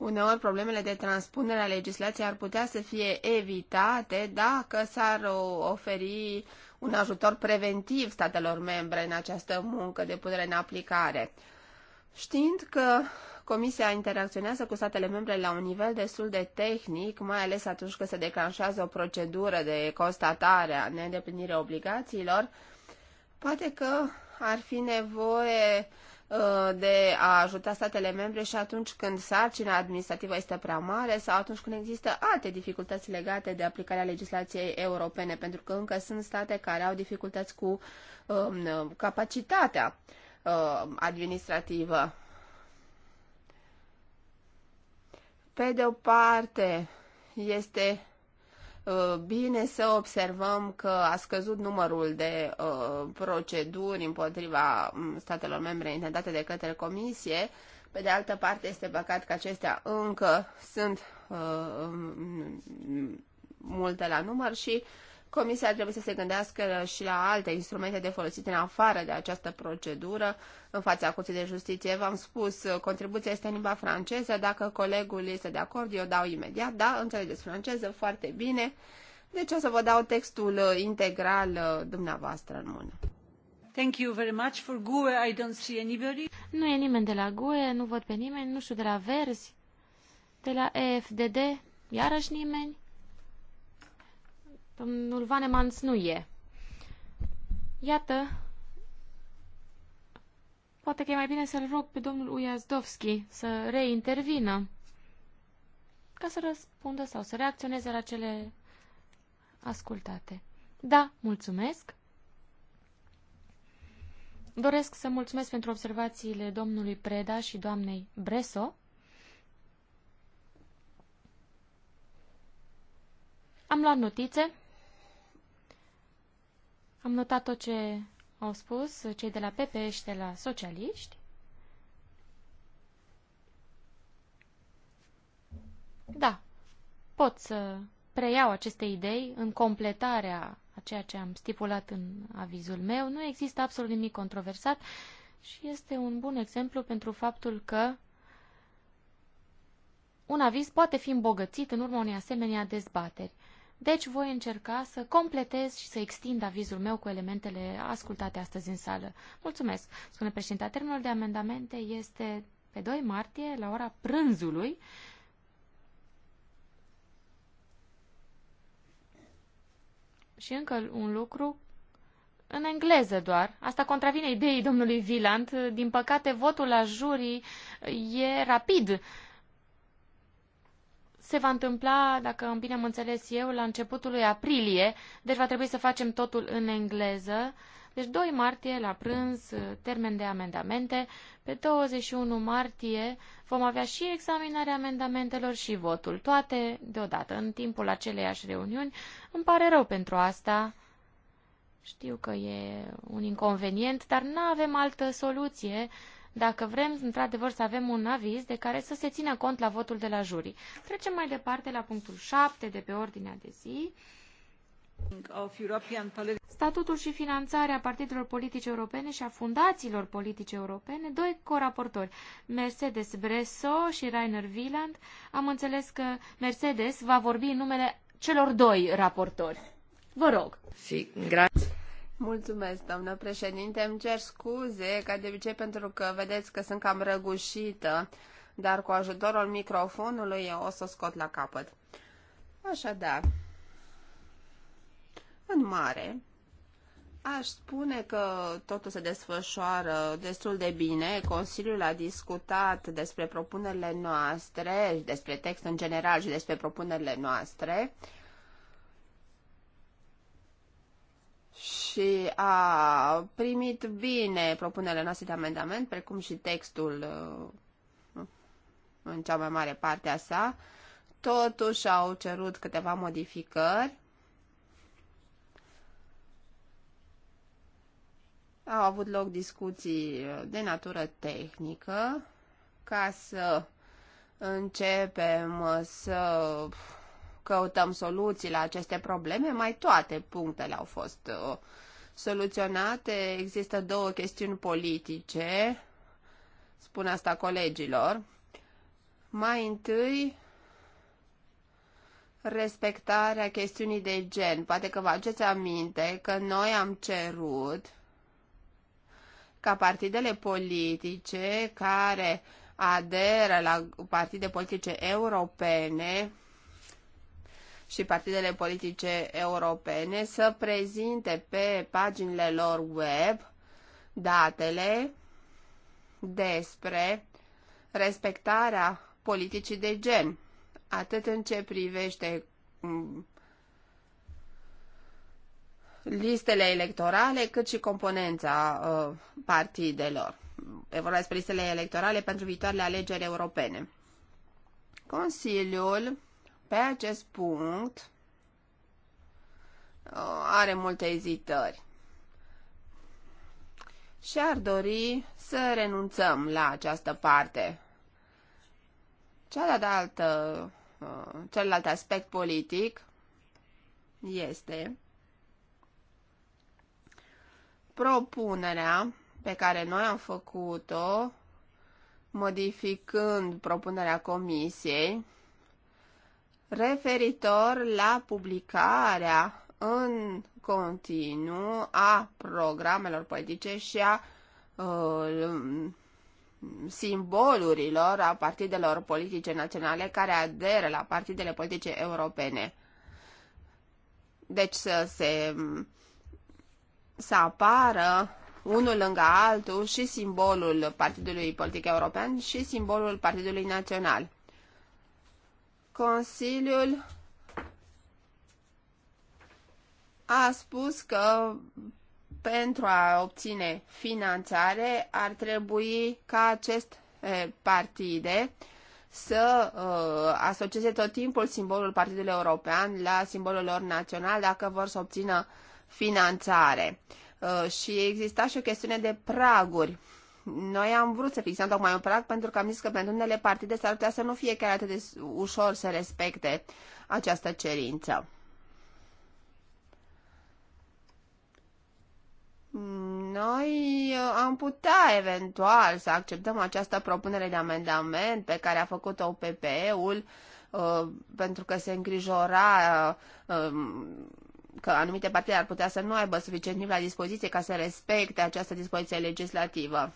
Uneori problemele de transpunere a legislației ar putea să fie evitate dacă s-ar oferi un ajutor preventiv statelor membre în această muncă de punere în aplicare. Știind că Comisia interacționează cu statele membre la un nivel destul de tehnic, mai ales atunci când se declanșează o procedură de constatare a neîndeplinirii obligațiilor, poate că ar fi nevoie Uh, de a ajuta statele membre și atunci când sarcina administrativă este prea mare sau atunci când există alte dificultăți legate de aplicarea legislației europene, pentru că încă sunt state care au dificultăți cu um, capacitatea uh, administrativă. Pe de o parte, este Uh, bine să observăm că a scăzut numărul de uh, proceduri împotriva mm, statelor membre intentate de către comisie. Pe de altă parte, este păcat că acestea încă sunt uh, mm, multe la număr și uh, Comisia trebuie să se gândească și la alte instrumente de folosit în afară de această procedură în fața Curții de Justiție. V-am spus, contribuția este în limba franceză, dacă colegul este de acord, eu dau imediat, da, înțelegeți franceză foarte bine, deci o să vă dau textul integral uh, dumneavoastră în mână. Thank you very much. For GUE, I don't see anybody. Nu e nimeni de la GUE, nu văd pe nimeni, nu știu de la Verzi, de la EFDD, iarăși nimeni. Domnul Vanemans nu e. Iată, poate că e mai bine să-l rog pe domnul Ujazdovski să reintervină ca să răspundă sau să reacționeze la cele ascultate. Da, mulțumesc. Doresc să mulțumesc pentru observațiile domnului Preda și doamnei Breso. Am luat notițe am notat tot ce au spus cei de la PP și de la socialiști. Da, pot să preiau aceste idei în completarea a ceea ce am stipulat în avizul meu. Nu există absolut nimic controversat și este un bun exemplu pentru faptul că un aviz poate fi îmbogățit în urma unei asemenea dezbateri. Deci voi încerca să completez și să extind avizul meu cu elementele ascultate astăzi în sală. Mulțumesc, spune președinta. Termenul de amendamente este pe 2 martie, la ora prânzului. Și încă un lucru, în engleză doar. Asta contravine ideii domnului Viland. Din păcate, votul la jurii e rapid se va întâmpla, dacă bine am înțeles eu, la începutul lui aprilie, deci va trebui să facem totul în engleză. Deci 2 martie la prânz, termen de amendamente. Pe 21 martie vom avea și examinarea amendamentelor și votul, toate deodată, în timpul aceleiași reuniuni. Îmi pare rău pentru asta. Știu că e un inconvenient, dar nu avem altă soluție dacă vrem, într-adevăr, să avem un aviz de care să se țină cont la votul de la jurii. Trecem mai departe la punctul 7 de pe ordinea de zi. Statutul și finanțarea partidelor politice europene și a fundațiilor politice europene, doi coraportori, Mercedes Bresso și Rainer Wieland. Am înțeles că Mercedes va vorbi în numele celor doi raportori. Vă rog. Sí, grazie. Mulțumesc, doamnă președinte. Îmi cer scuze, ca de obicei, pentru că vedeți că sunt cam răgușită, dar cu ajutorul microfonului eu o să scot la capăt. Așadar, în mare, aș spune că totul se desfășoară destul de bine. Consiliul a discutat despre propunerile noastre, despre text în general și despre propunerile noastre. Uh, și a primit bine propunerile noastre de amendament, precum și textul uh, în cea mai mare parte a sa. Totuși au cerut câteva modificări. Au avut loc discuții uh, de natură tehnică ca să începem să căutăm soluții la aceste probleme, mai toate punctele au fost uh, soluționate. Există două chestiuni politice, spun asta colegilor. Mai întâi, respectarea chestiunii de gen. Poate că vă aduceți aminte că noi am cerut ca partidele politice care aderă la partide politice europene și partidele politice europene să prezinte pe paginile lor web datele despre respectarea politicii de gen, atât în ce privește listele electorale, cât și componența uh, partidelor. E vorba despre listele electorale pentru viitoarele alegeri europene. Consiliul pe acest punct uh, are multe ezitări și ar dori să renunțăm la această parte. Cealaltă, uh, celălalt aspect politic este propunerea pe care noi am făcut-o modificând propunerea comisiei referitor la publicarea în continuu a programelor politice și a uh, simbolurilor a partidelor politice naționale care aderă la partidele politice europene. Deci să se să apară unul lângă altul și simbolul Partidului Politic European și simbolul Partidului Național. Consiliul a spus că pentru a obține finanțare ar trebui ca aceste partide să uh, asocieze tot timpul simbolul Partidului European la simbolul lor național dacă vor să obțină finanțare. Uh, și exista și o chestiune de praguri noi am vrut să fixăm tocmai un prag pentru că am zis că pentru unele partide s-ar putea să nu fie chiar atât de ușor să respecte această cerință. Noi uh, am putea eventual să acceptăm această propunere de amendament pe care a făcut-o PPE-ul uh, pentru că se îngrijora uh, um, că anumite partide ar putea să nu aibă suficient timp la dispoziție ca să respecte această dispoziție legislativă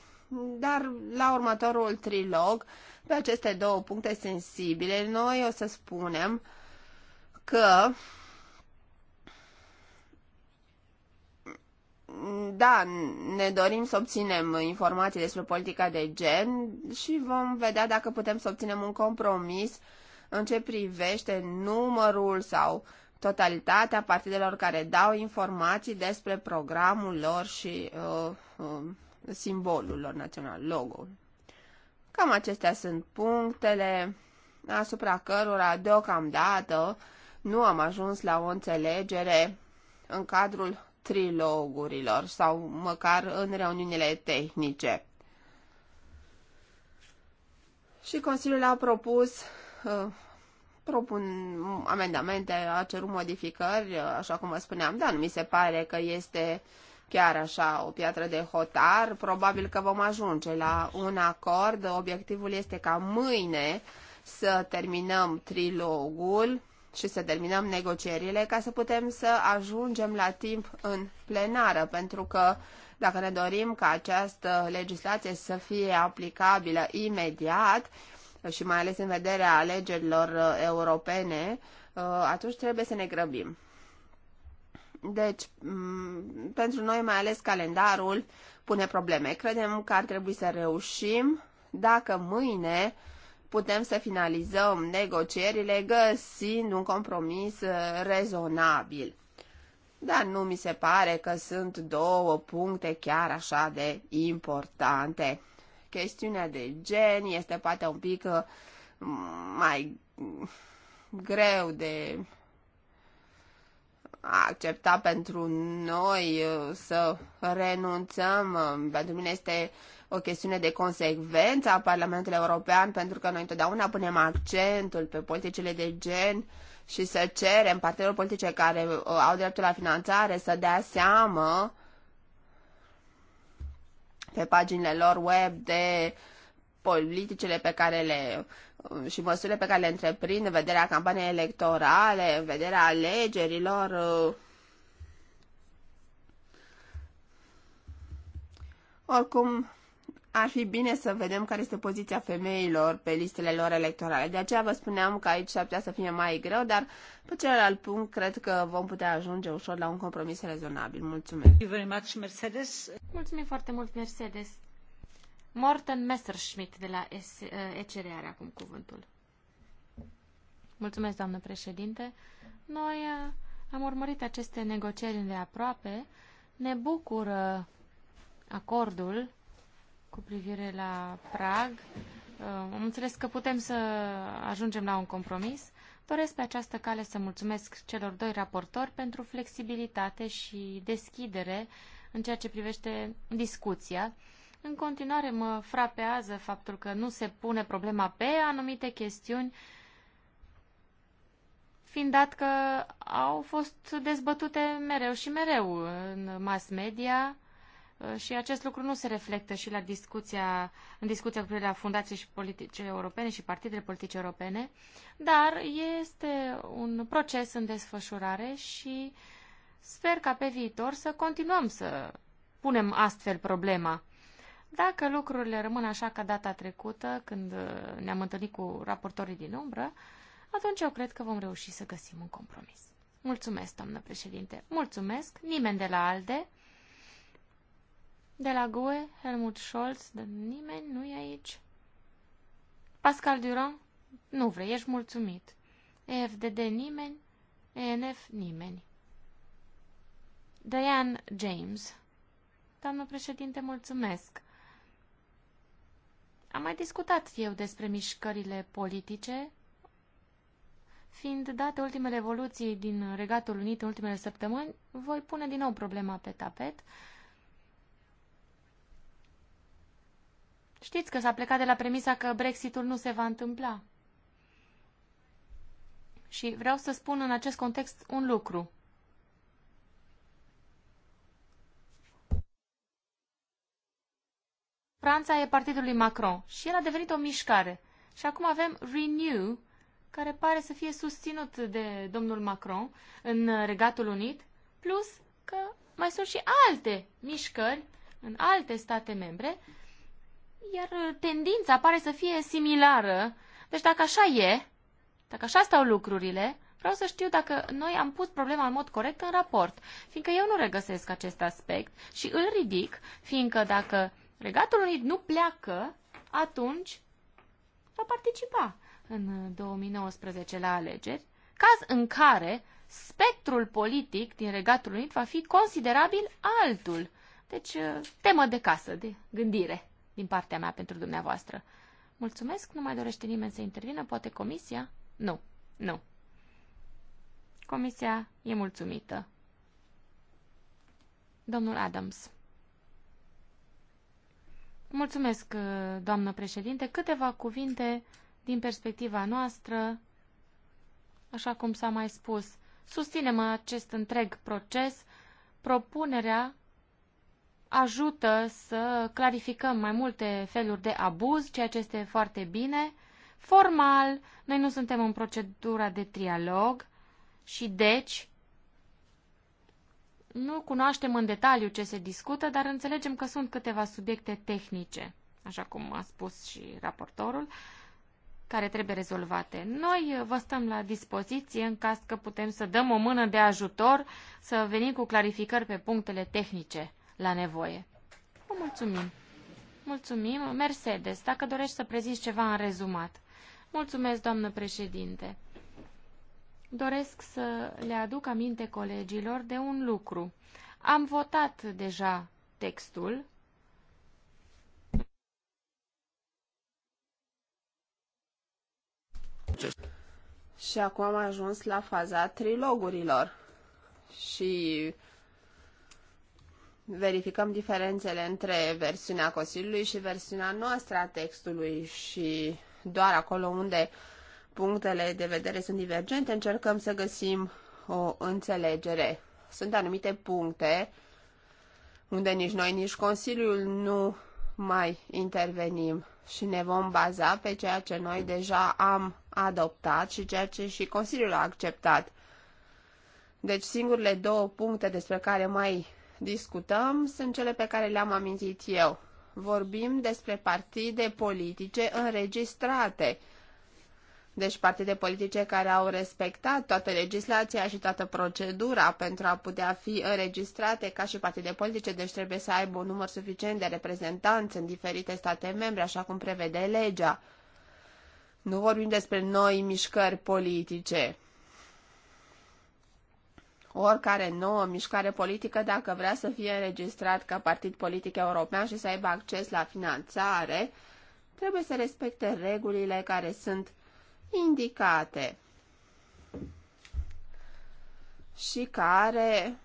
dar la următorul trilog, pe aceste două puncte sensibile, noi o să spunem că da, ne dorim să obținem informații despre politica de gen și vom vedea dacă putem să obținem un compromis în ce privește numărul sau totalitatea partidelor care dau informații despre programul lor și uh, uh, simbolul lor național, logo-ul. Cam acestea sunt punctele asupra cărora deocamdată nu am ajuns la o înțelegere în cadrul trilogurilor sau măcar în reuniunile tehnice. Și Consiliul a propus uh, propun amendamente, a cerut modificări, uh, așa cum vă spuneam, dar nu mi se pare că este chiar așa o piatră de hotar, probabil că vom ajunge la un acord. Obiectivul este ca mâine să terminăm trilogul și să terminăm negocierile ca să putem să ajungem la timp în plenară, pentru că dacă ne dorim ca această legislație să fie aplicabilă imediat și mai ales în vederea alegerilor uh, europene, uh, atunci trebuie să ne grăbim. Deci, pentru noi, mai ales calendarul, pune probleme. Credem că ar trebui să reușim dacă mâine putem să finalizăm negocierile găsind un compromis uh, rezonabil. Dar nu mi se pare că sunt două puncte chiar așa de importante. Chestiunea de gen este poate un pic uh, mai greu de a accepta pentru noi uh, să renunțăm. Uh, pentru mine este o chestiune de consecvență a Parlamentului European, pentru că noi întotdeauna punem accentul pe politicile de gen și să cerem partidelor politice care uh, au dreptul la finanțare să dea seamă pe paginile lor web de politicile pe care le uh, și măsurile pe care le întreprind în vederea campaniei electorale, în vederea alegerilor. Uh. Oricum, ar fi bine să vedem care este poziția femeilor pe listele lor electorale. De aceea vă spuneam că aici ar putea să fie mai greu, dar pe celălalt punct cred că vom putea ajunge ușor la un compromis rezonabil. Mulțumesc! Mulțumim foarte mult, Mercedes! Morten Messerschmidt de la uh, ECR are acum cuvântul. Mulțumesc, doamnă președinte. Noi uh, am urmărit aceste negocieri de aproape. Ne bucură acordul cu privire la Prag. Uh, am înțeles că putem să ajungem la un compromis. Doresc pe această cale să mulțumesc celor doi raportori pentru flexibilitate și deschidere în ceea ce privește discuția în continuare mă frapează faptul că nu se pune problema pe anumite chestiuni, fiind dat că au fost dezbătute mereu și mereu în mass media uh, și acest lucru nu se reflectă și la discuția, în discuția cu privire la fundații și politice europene și partidele politice europene, dar este un proces în desfășurare și sper ca pe viitor să continuăm să punem astfel problema. Dacă lucrurile rămân așa ca data trecută, când uh, ne-am întâlnit cu raportorii din umbră, atunci eu cred că vom reuși să găsim un compromis. Mulțumesc, doamnă președinte. Mulțumesc. Nimeni de la ALDE. De la GUE, Helmut Scholz, de nimeni nu e aici. Pascal Durand, nu vrei, ești mulțumit. EFDD nimeni, ENF nimeni. Diane James. Doamnă președinte, mulțumesc. Am mai discutat eu despre mișcările politice, fiind date ultimele evoluții din Regatul Unit în ultimele săptămâni, voi pune din nou problema pe tapet. Știți că s-a plecat de la premisa că Brexitul nu se va întâmpla. Și vreau să spun în acest context un lucru. Franța e partidul lui Macron și el a devenit o mișcare. Și acum avem Renew, care pare să fie susținut de domnul Macron în Regatul Unit, plus că mai sunt și alte mișcări în alte state membre, iar tendința pare să fie similară. Deci dacă așa e, dacă așa stau lucrurile, vreau să știu dacă noi am pus problema în mod corect în raport, fiindcă eu nu regăsesc acest aspect și îl ridic, fiindcă dacă Regatul Unit nu pleacă, atunci va participa în 2019 uh, la alegeri, caz în care spectrul politic din Regatul Unit va fi considerabil altul. Deci, uh, temă de casă, de gândire din partea mea pentru dumneavoastră. Mulțumesc, nu mai dorește nimeni să intervină, poate comisia? Nu, nu. Comisia e mulțumită. Domnul Adams. Mulțumesc, uh, doamnă președinte. Câteva cuvinte din perspectiva noastră, așa cum s-a mai spus. Susținem acest întreg proces. Propunerea ajută să clarificăm mai multe feluri de abuz, ceea ce este foarte bine. Formal, noi nu suntem în procedura de trialog și deci nu cunoaștem în detaliu ce se discută, dar înțelegem că sunt câteva subiecte tehnice, așa cum a spus și raportorul, care trebuie rezolvate. Noi eh, vă stăm la dispoziție în caz că putem să dăm o mână de ajutor, să venim cu clarificări pe punctele tehnice la nevoie. Vă mulțumim! Mulțumim! Mercedes, dacă dorești să prezici ceva în rezumat. Mulțumesc, doamnă președinte! doresc să le aduc aminte colegilor de un lucru. Am votat deja textul. Și acum am ajuns la faza trilogurilor. Și verificăm diferențele între versiunea Consiliului și versiunea noastră a textului și doar acolo unde uh, punctele de vedere sunt divergente, încercăm să găsim o înțelegere. Sunt anumite puncte unde nici noi, nici Consiliul nu mai intervenim și ne vom baza pe ceea ce noi deja am adoptat și ceea ce și Consiliul a acceptat. Deci singurele două puncte despre care mai discutăm sunt cele pe care le-am amintit eu. Vorbim despre partide politice înregistrate deci partide politice care au respectat toată legislația și toată procedura pentru a putea fi înregistrate ca și partide politice, deci trebuie să aibă un număr suficient de reprezentanți în diferite state membre, așa cum prevede legea. Nu vorbim despre noi mișcări politice. Oricare nouă mișcare politică, dacă vrea să fie înregistrat ca partid politic european și să aibă acces la finanțare, trebuie să respecte regulile care sunt indicate și care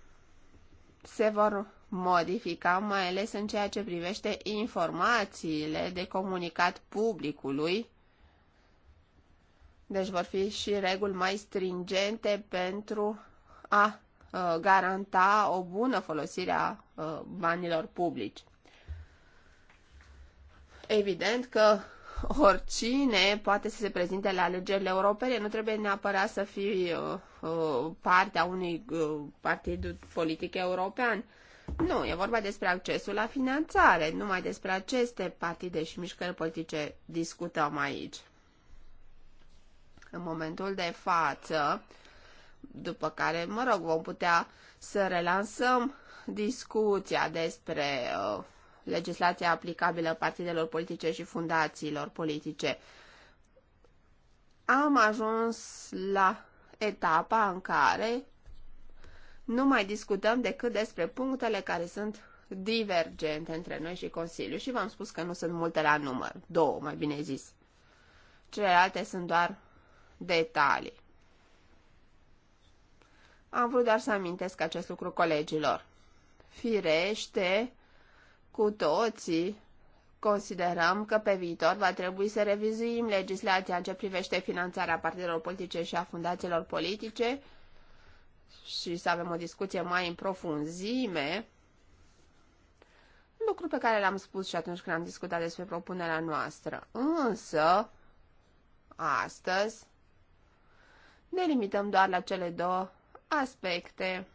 se vor modifica, mai ales în ceea ce privește informațiile de comunicat publicului. Deci vor fi și reguli mai stringente pentru a uh, garanta o bună folosire a uh, banilor publici. Evident că oricine poate să se prezinte la alegerile europene, nu trebuie neapărat să fii uh, uh, partea unui uh, partid politic european. Nu, e vorba despre accesul la finanțare, numai despre aceste partide și mișcări politice discutăm aici. În momentul de față, după care, mă rog, vom putea să relansăm discuția despre uh, legislația aplicabilă partidelor politice și fundațiilor politice. Am ajuns la etapa în care nu mai discutăm decât despre punctele care sunt divergente între noi și Consiliu și v-am spus că nu sunt multe la număr, două mai bine zis. Celelalte sunt doar detalii. Am vrut doar să amintesc acest lucru colegilor. Firește, cu toții considerăm că pe viitor va trebui să revizuim legislația în ce privește finanțarea partidelor politice și a fundațiilor politice și să avem o discuție mai în profunzime, lucru pe care l-am spus și atunci când am discutat despre propunerea noastră. Însă, astăzi, ne limităm doar la cele două aspecte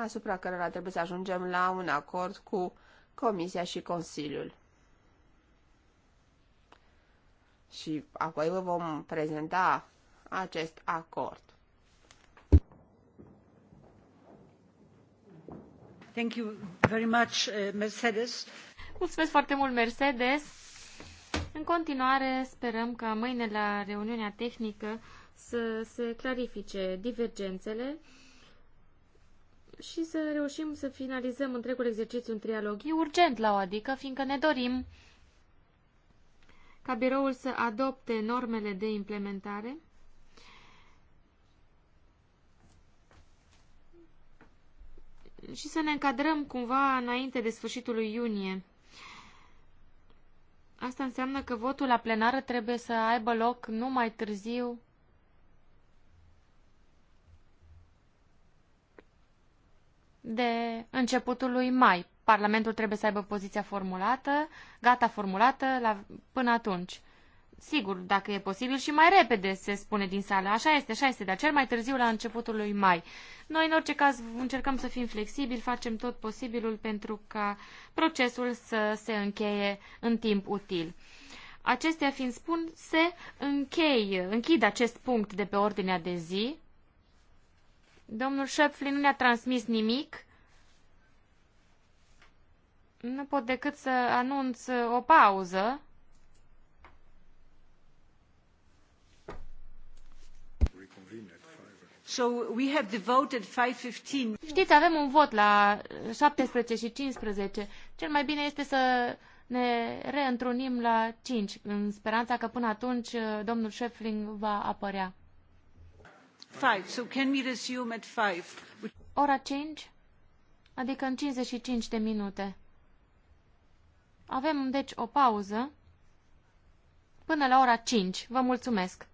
asupra cărora trebuie să ajungem la un acord cu Comisia și Consiliul. Și apoi vă vom prezenta acest acord. Thank you very much, uh, Mercedes. Mulțumesc foarte mult, Mercedes. În continuare, sperăm ca mâine la reuniunea tehnică să se clarifice divergențele și să reușim să finalizăm întregul exercițiu în trialog. E urgent la o adică, fiindcă ne dorim ca biroul să adopte normele de implementare și să ne încadrăm cumva înainte de sfârșitul lui iunie. Asta înseamnă că votul la plenară trebuie să aibă loc nu mai târziu de începutul lui mai. Parlamentul trebuie să aibă poziția formulată, gata formulată la, până atunci. Sigur, dacă e posibil și mai repede, se spune din sală. Așa este, așa este, dar cel mai târziu la începutul lui mai. Noi, în orice caz, încercăm să fim flexibili, facem tot posibilul pentru ca procesul să se încheie în timp util. Acestea fiind spun, se încheie, închid acest punct de pe ordinea de zi. Domnul Șepflin nu ne-a transmis nimic. Nu pot decât să anunț o pauză. So we have the vote at 5.15. Știți, avem un vot la 17 și 15. Cel mai bine este să ne reîntrunim la 5, în speranța că până atunci domnul Șefling va apărea. Five. So can resume at five? Ora 5, adică în 55 de minute. Avem, deci, o pauză până la ora 5. Vă mulțumesc!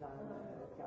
Da, da, da.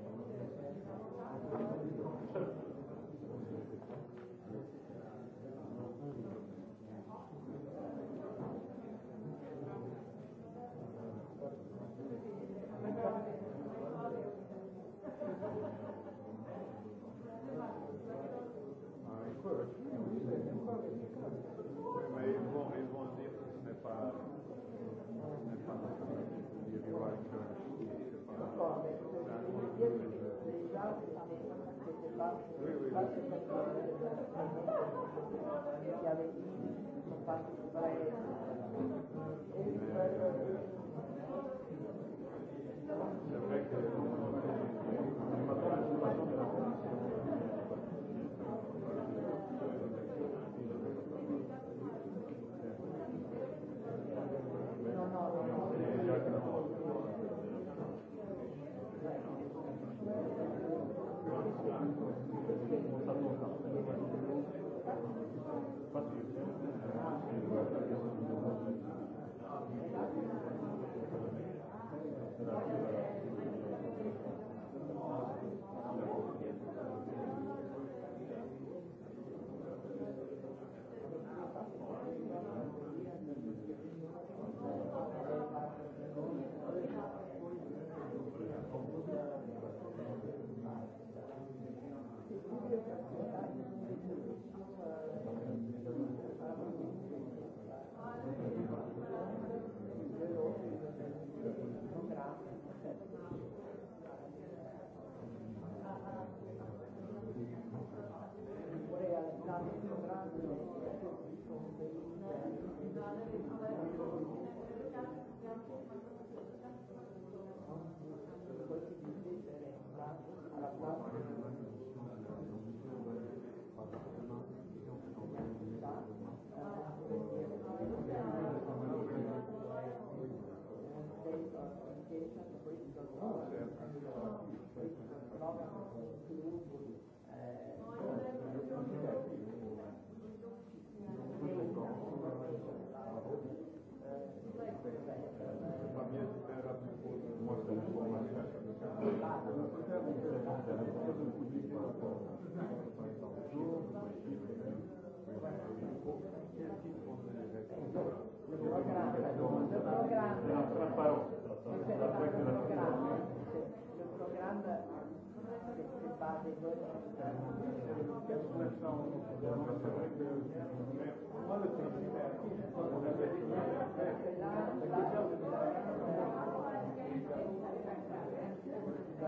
participare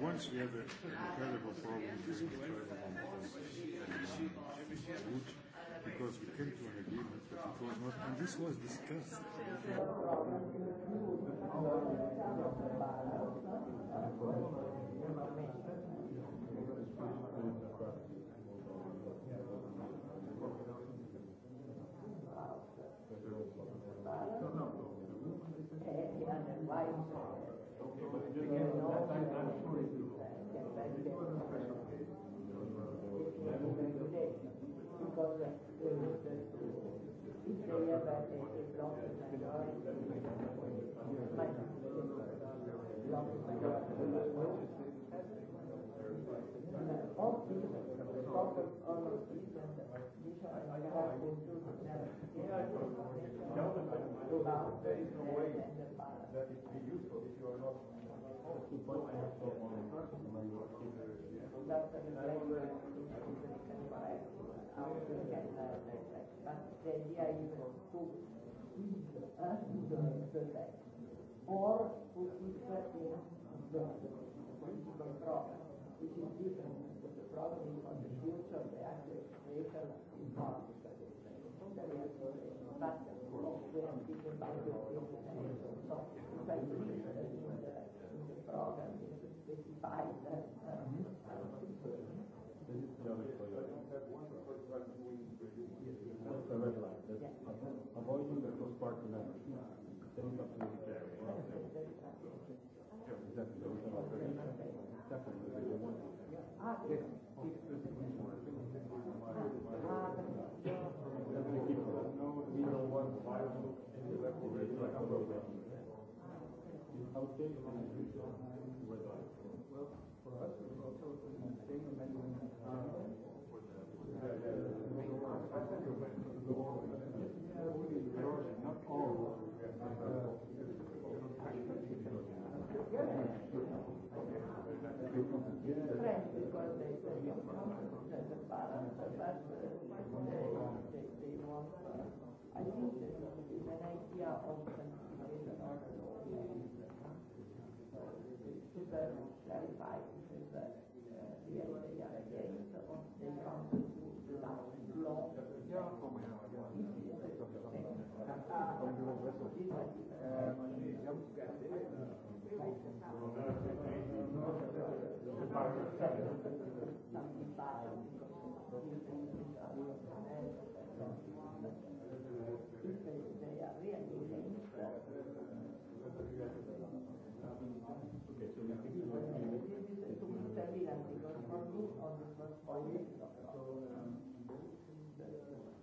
Once we had an incredible problem during the trial on wood, because we came to an agreement, but it was not, and this was discussed. Or put it in the political problem, which is different because the problem is on the future, the actual creation is not the solution. But the people avoiding the cross-party members. Setting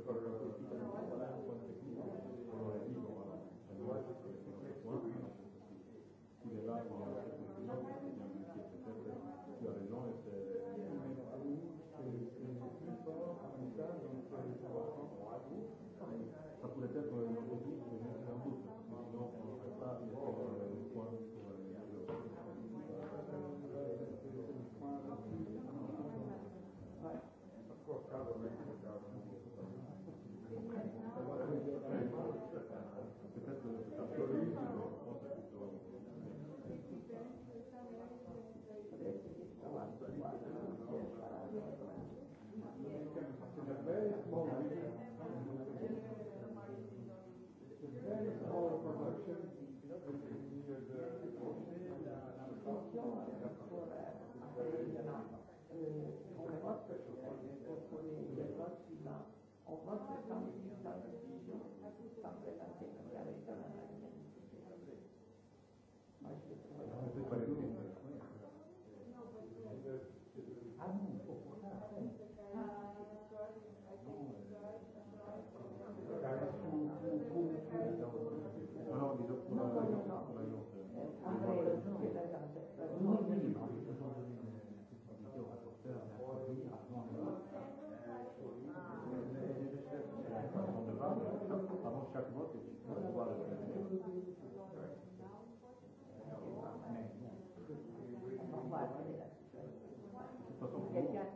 Gracias.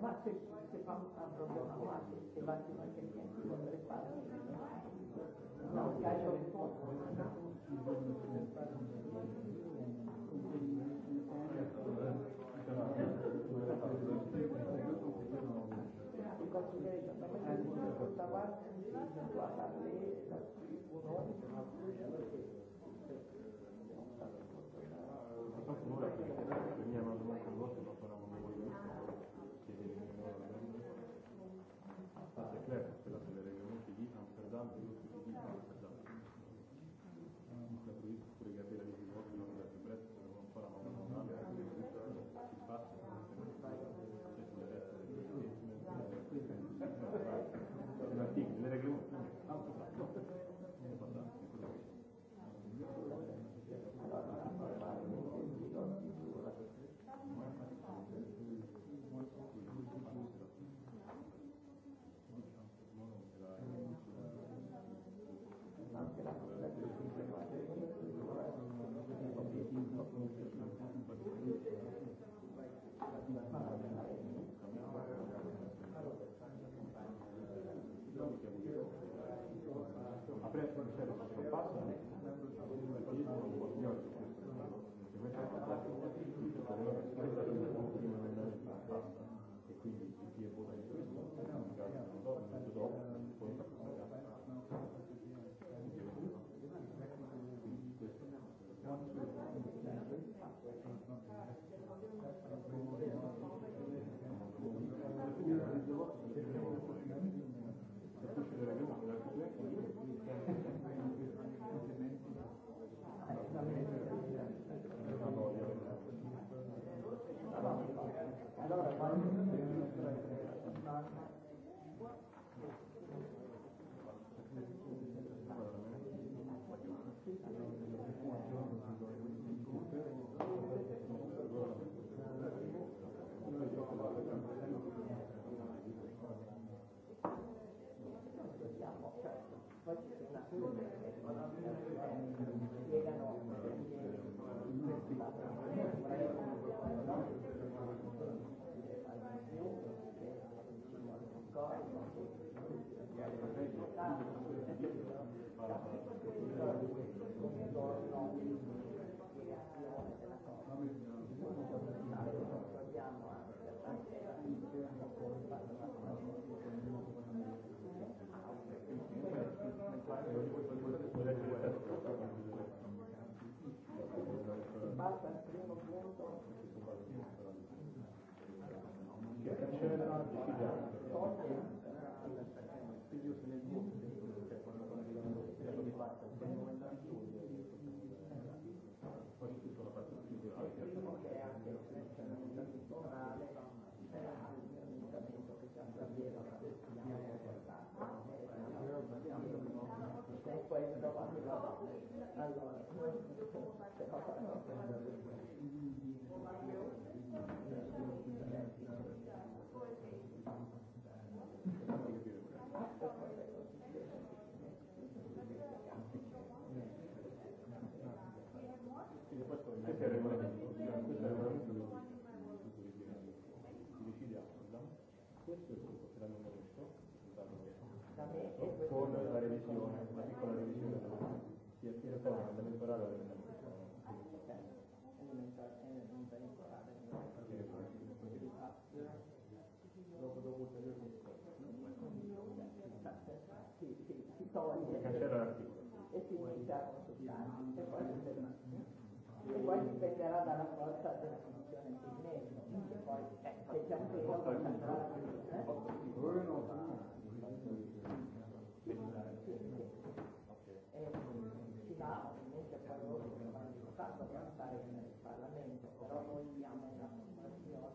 ma se, se fa un problema qualche, se va a dire che niente, non le fa. No, il calcio è poco. de mejorarlo. Iamena, în ziua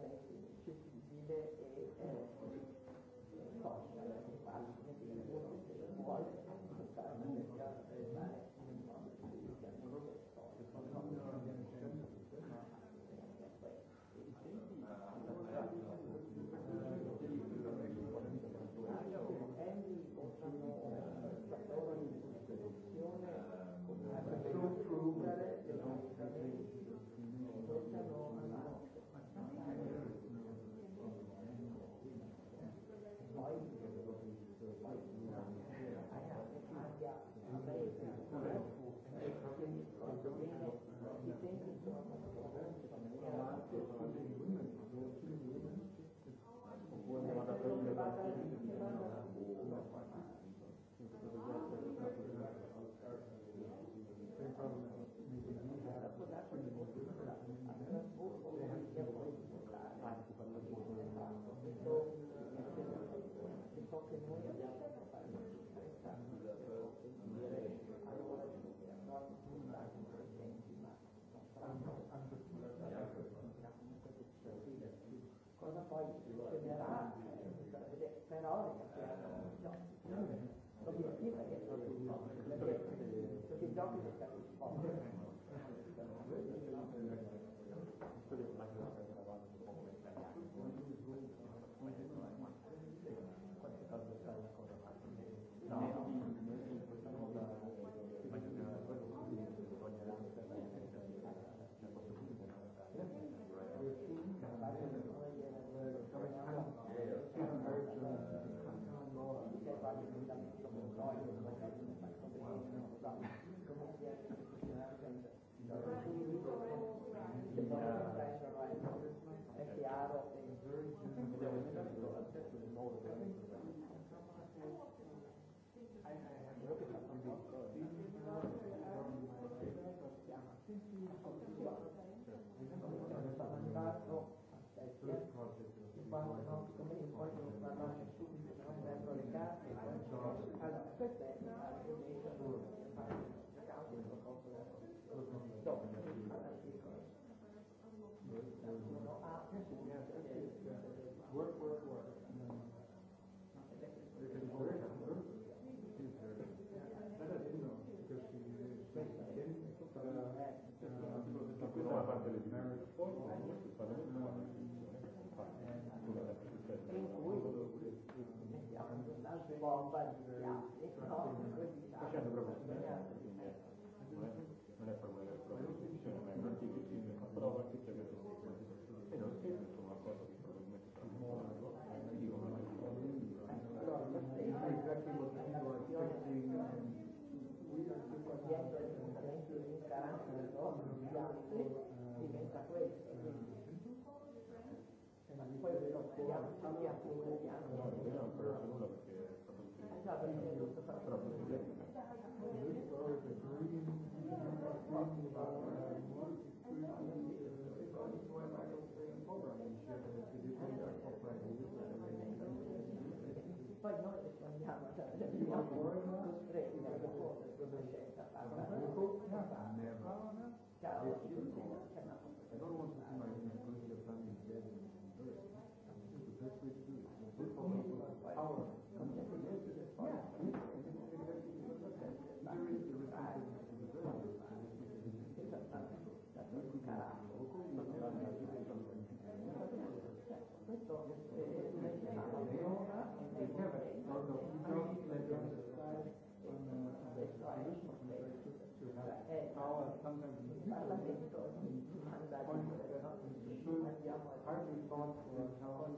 de, de,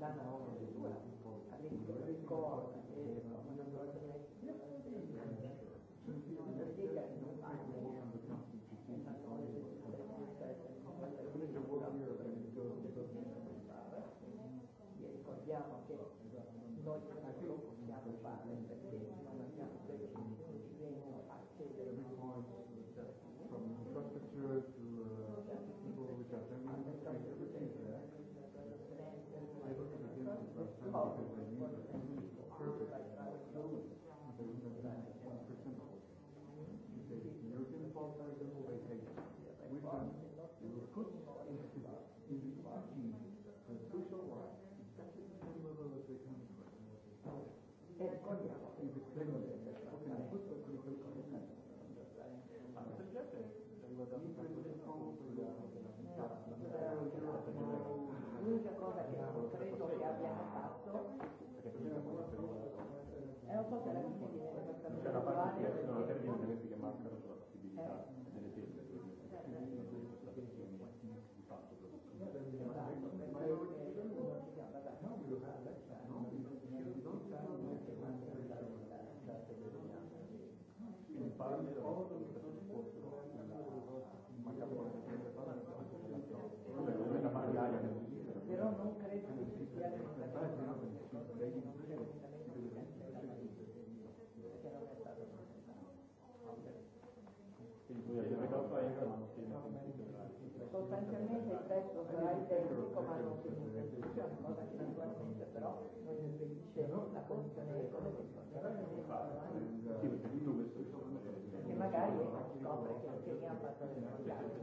danno la nuova cultura, all'interno del corpo, ricordiamo che noi non possiamo fare perché non abbiamo preso un impegno a chiedere una la costa delle E magari scopre che anche lì fatto delle mondiali.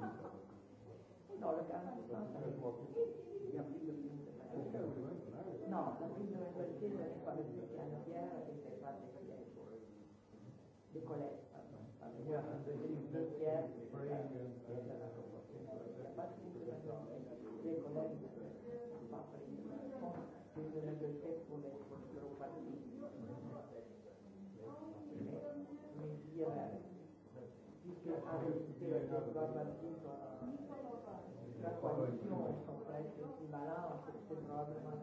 No, look, I'm not No, la prima è quella che quando si chiama Chiara che sei fatta con lei. Di Coletta. Chiara. a Gracias.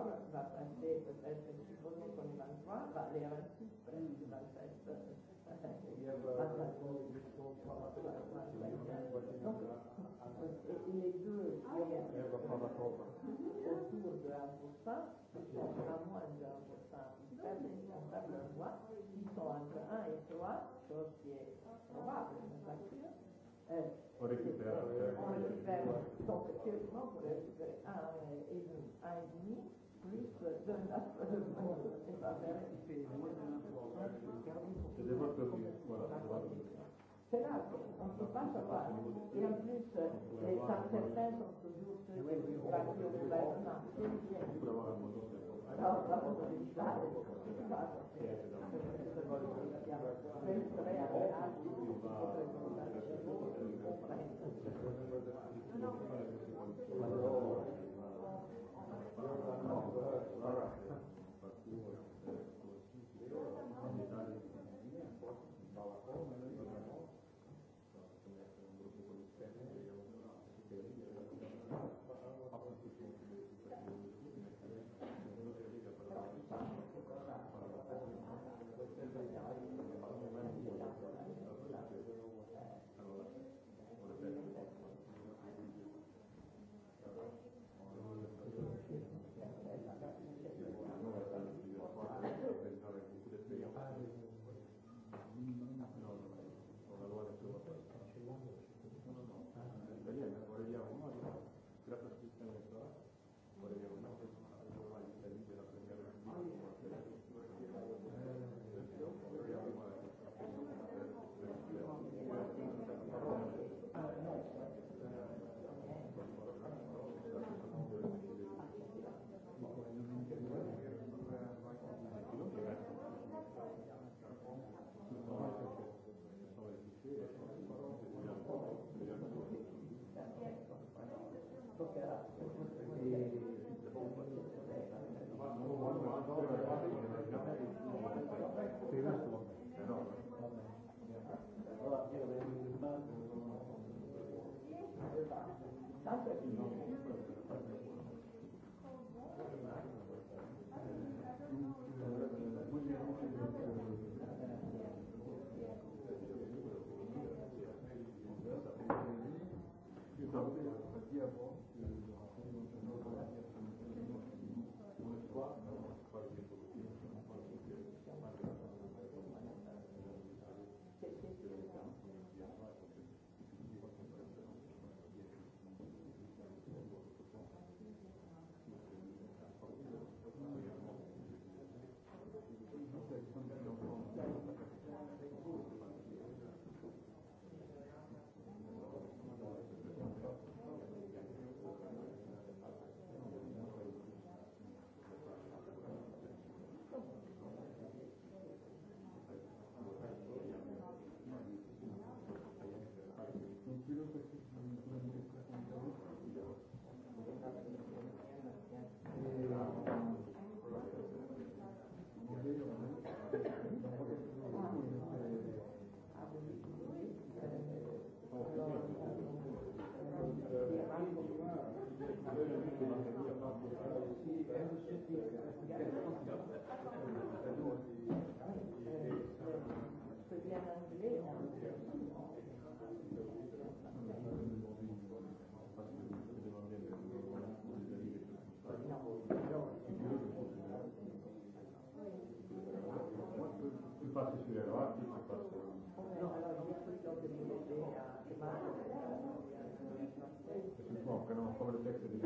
Laura va face pe feste și până cu Ivancoa, va le arăți prețul la feste. Les deux, autour de 1%, à moins de 1%, certains responsables voient qui sont entre 1 et 3, chose qui est probable, n'est pas sûr. Euh, on récupère. On récupère. Donc, théoriquement, vous récupérez 1 et 1,5 C'est là qu'on ne peut pas savoir. Et en plus, les certains sont toujours ceux qui ont parti au gouvernement. Alors, là, on ne dit pas. Non, non. No, che non fa vedere di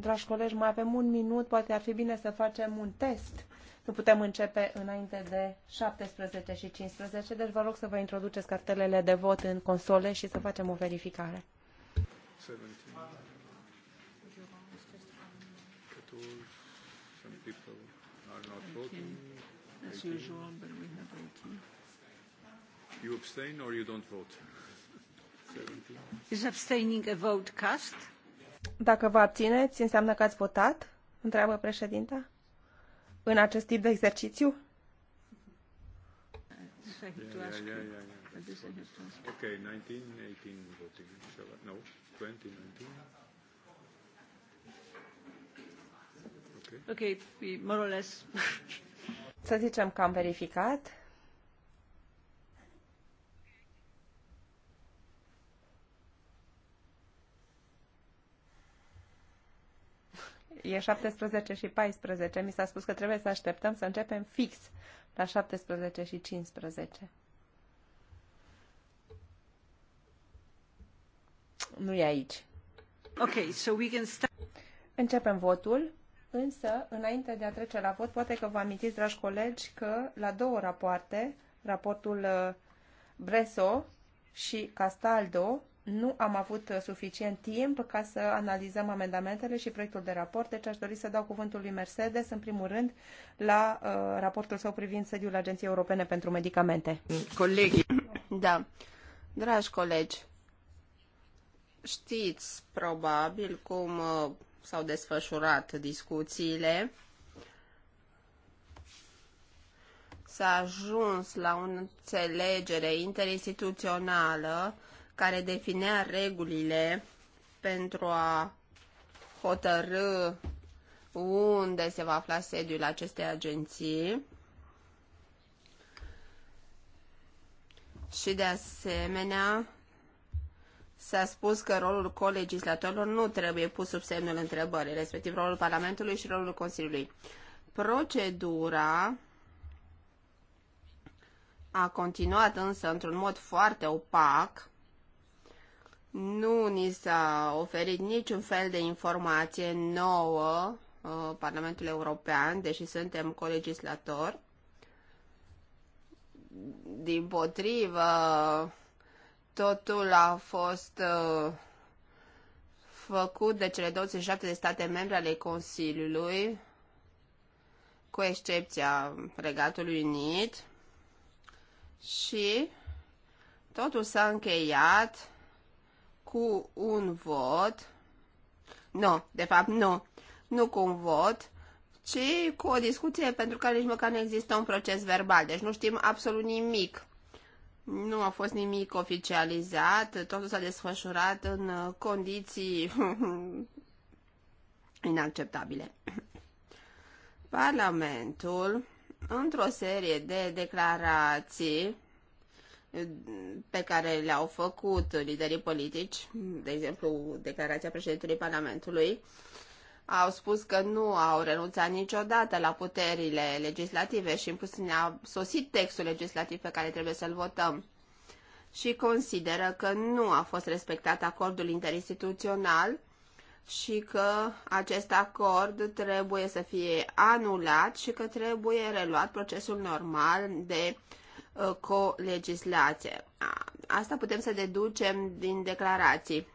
Dragi colegi, mai avem un minut, poate ar fi bine să facem un test. Nu putem începe înainte de 17 și 15, deci vă rog să vă introduceți cartelele de vot în console și să facem o verificare. 17. As usual, but we have You abstain or you don't vote? Dacă vă abțineți, înseamnă că ați votat? Întreabă președinta. În acest tip de exercițiu? Să zicem că am verificat. e 17 și 14. Mi s-a spus că trebuie să așteptăm să începem fix la 17 și 15. Nu e aici. Ok, so we can start. Începem votul, însă, înainte de a trece la vot, poate că vă amintiți, dragi colegi, că la două rapoarte, raportul uh, Breso și Castaldo, nu am avut uh, suficient timp ca să analizăm amendamentele și proiectul de raport, deci aș dori să dau cuvântul lui Mercedes, în primul rând, la uh, raportul său privind sediul Agenției Europene pentru Medicamente. Colegii. Da. Dragi colegi, știți probabil cum uh, s-au desfășurat discuțiile. S-a ajuns la o înțelegere interinstituțională care definea regulile pentru a hotărâ unde se va afla sediul acestei agenții și de asemenea s-a spus că rolul colegislatorilor nu trebuie pus sub semnul întrebării, respectiv rolul Parlamentului și rolul Consiliului. Procedura a continuat însă într-un mod foarte opac nu ni s-a oferit niciun fel de informație nouă uh, Parlamentul European, deși suntem colegislatori. Din potrivă, totul a fost uh, făcut de cele 27 de state membre ale Consiliului, cu excepția Regatului Unit, și totul s-a încheiat cu un vot, nu, de fapt nu, nu cu un vot, ci cu o discuție pentru care nici măcar nu există un proces verbal, deci nu știm absolut nimic. Nu a fost nimic oficializat, totul s-a desfășurat în uh, condiții inacceptabile. Parlamentul, într-o serie de declarații, pe care le-au făcut liderii politici, de exemplu declarația președintelui Parlamentului, au spus că nu au renunțat niciodată la puterile legislative și în plus ne-a sosit textul legislativ pe care trebuie să-l votăm și consideră că nu a fost respectat acordul interinstituțional și că acest acord trebuie să fie anulat și că trebuie reluat procesul normal de uh, Uh, co-legislație. Asta putem să deducem din declarații.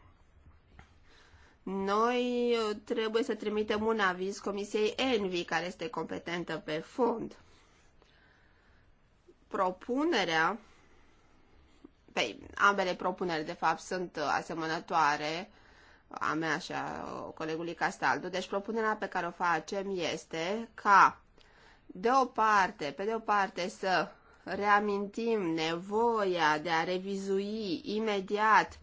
Noi uh, trebuie să trimitem un aviz Comisiei Envi, care este competentă pe fond. Propunerea, pe păi, ambele propuneri, de fapt, sunt uh, asemănătoare a mea și a colegului Castaldo. Deci propunerea pe care o facem este ca, de o parte, pe de o parte să reamintim nevoia de a revizui imediat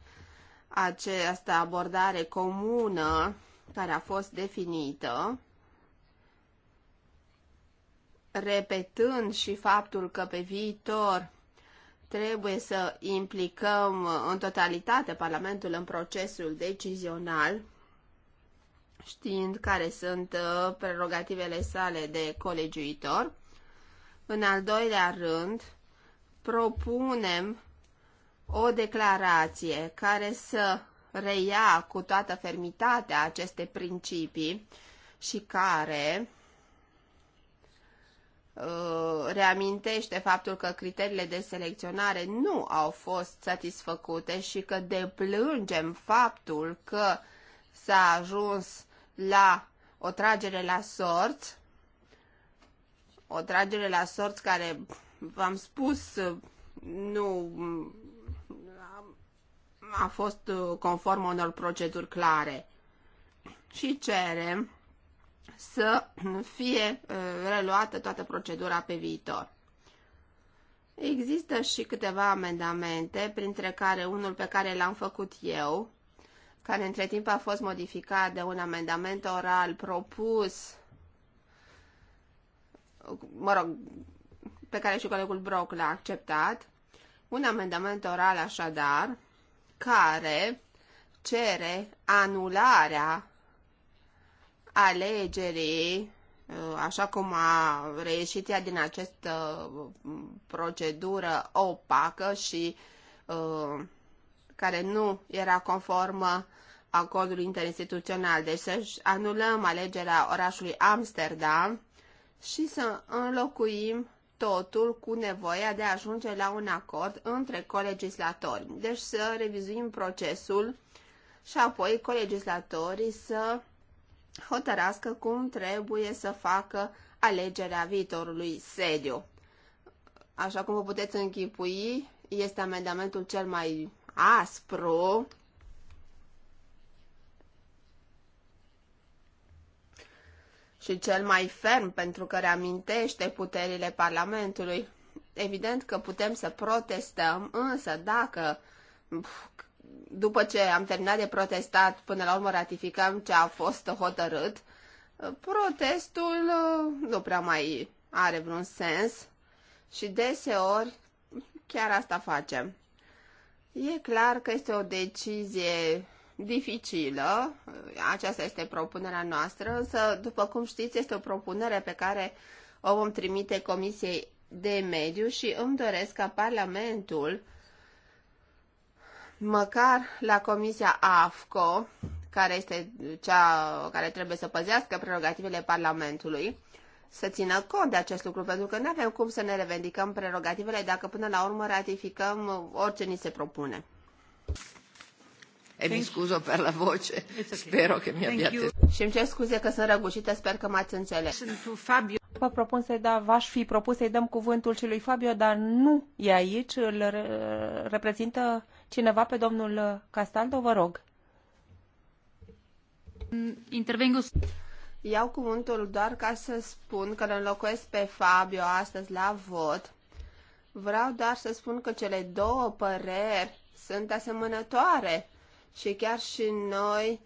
această abordare comună care a fost definită, repetând și faptul că pe viitor trebuie să implicăm în totalitate Parlamentul în procesul decizional, știind care sunt uh, prerogativele sale de colegiuitor. În al doilea rând, propunem o declarație care să reia cu toată fermitatea aceste principii și care uh, reamintește faptul că criteriile de selecționare nu au fost satisfăcute și că deplângem faptul că s-a ajuns la o tragere la sorți o tragere la sorți care, v-am spus, nu a fost conform unor proceduri clare și cere să fie uh, reluată toată procedura pe viitor. Există și câteva amendamente, printre care unul pe care l-am făcut eu, care între timp a fost modificat de un amendament oral propus mă rog, pe care și colegul Brock l-a acceptat, un amendament oral așadar, care cere anularea alegerii, uh, așa cum a reieșit ea din această uh, procedură opacă și uh, care nu era conformă acordului interinstituțional. Deci să anulăm alegerea orașului Amsterdam și să înlocuim totul cu nevoia de a ajunge la un acord între colegislatori. Deci să revizuim procesul și apoi colegislatorii să hotărască cum trebuie să facă alegerea viitorului sediu. Așa cum vă puteți închipui, este amendamentul cel mai aspru și cel mai ferm pentru că reamintește puterile Parlamentului. Evident că putem să protestăm, însă dacă după ce am terminat de protestat, până la urmă ratificăm ce a fost hotărât, protestul uh, nu prea mai are vreun sens și deseori chiar asta facem. E clar că este o decizie dificilă, aceasta este propunerea noastră, însă, după cum știți, este o propunere pe care o vom trimite Comisiei de Mediu și îmi doresc ca Parlamentul, măcar la Comisia AFCO, care este cea care trebuie să păzească prerogativele Parlamentului, să țină cont de acest lucru, pentru că nu avem cum să ne revendicăm prerogativele dacă până la urmă ratificăm orice ni se propune e mi scuzo per la voce, okay. spero că mi abbiate... Și îmi cer scuze că sunt răgușită, sper că m-ați înțeles. Fabio. Vă propun să-i da, v-aș fi propus să-i dăm cuvântul celui Fabio, dar nu e aici, îl reprezintă cineva pe domnul Castaldo, vă rog. Intervengo. Iau cuvântul doar ca să spun că îl înlocuiesc pe Fabio astăzi la vot. Vreau doar să spun că cele două păreri sunt asemănătoare și chiar și noi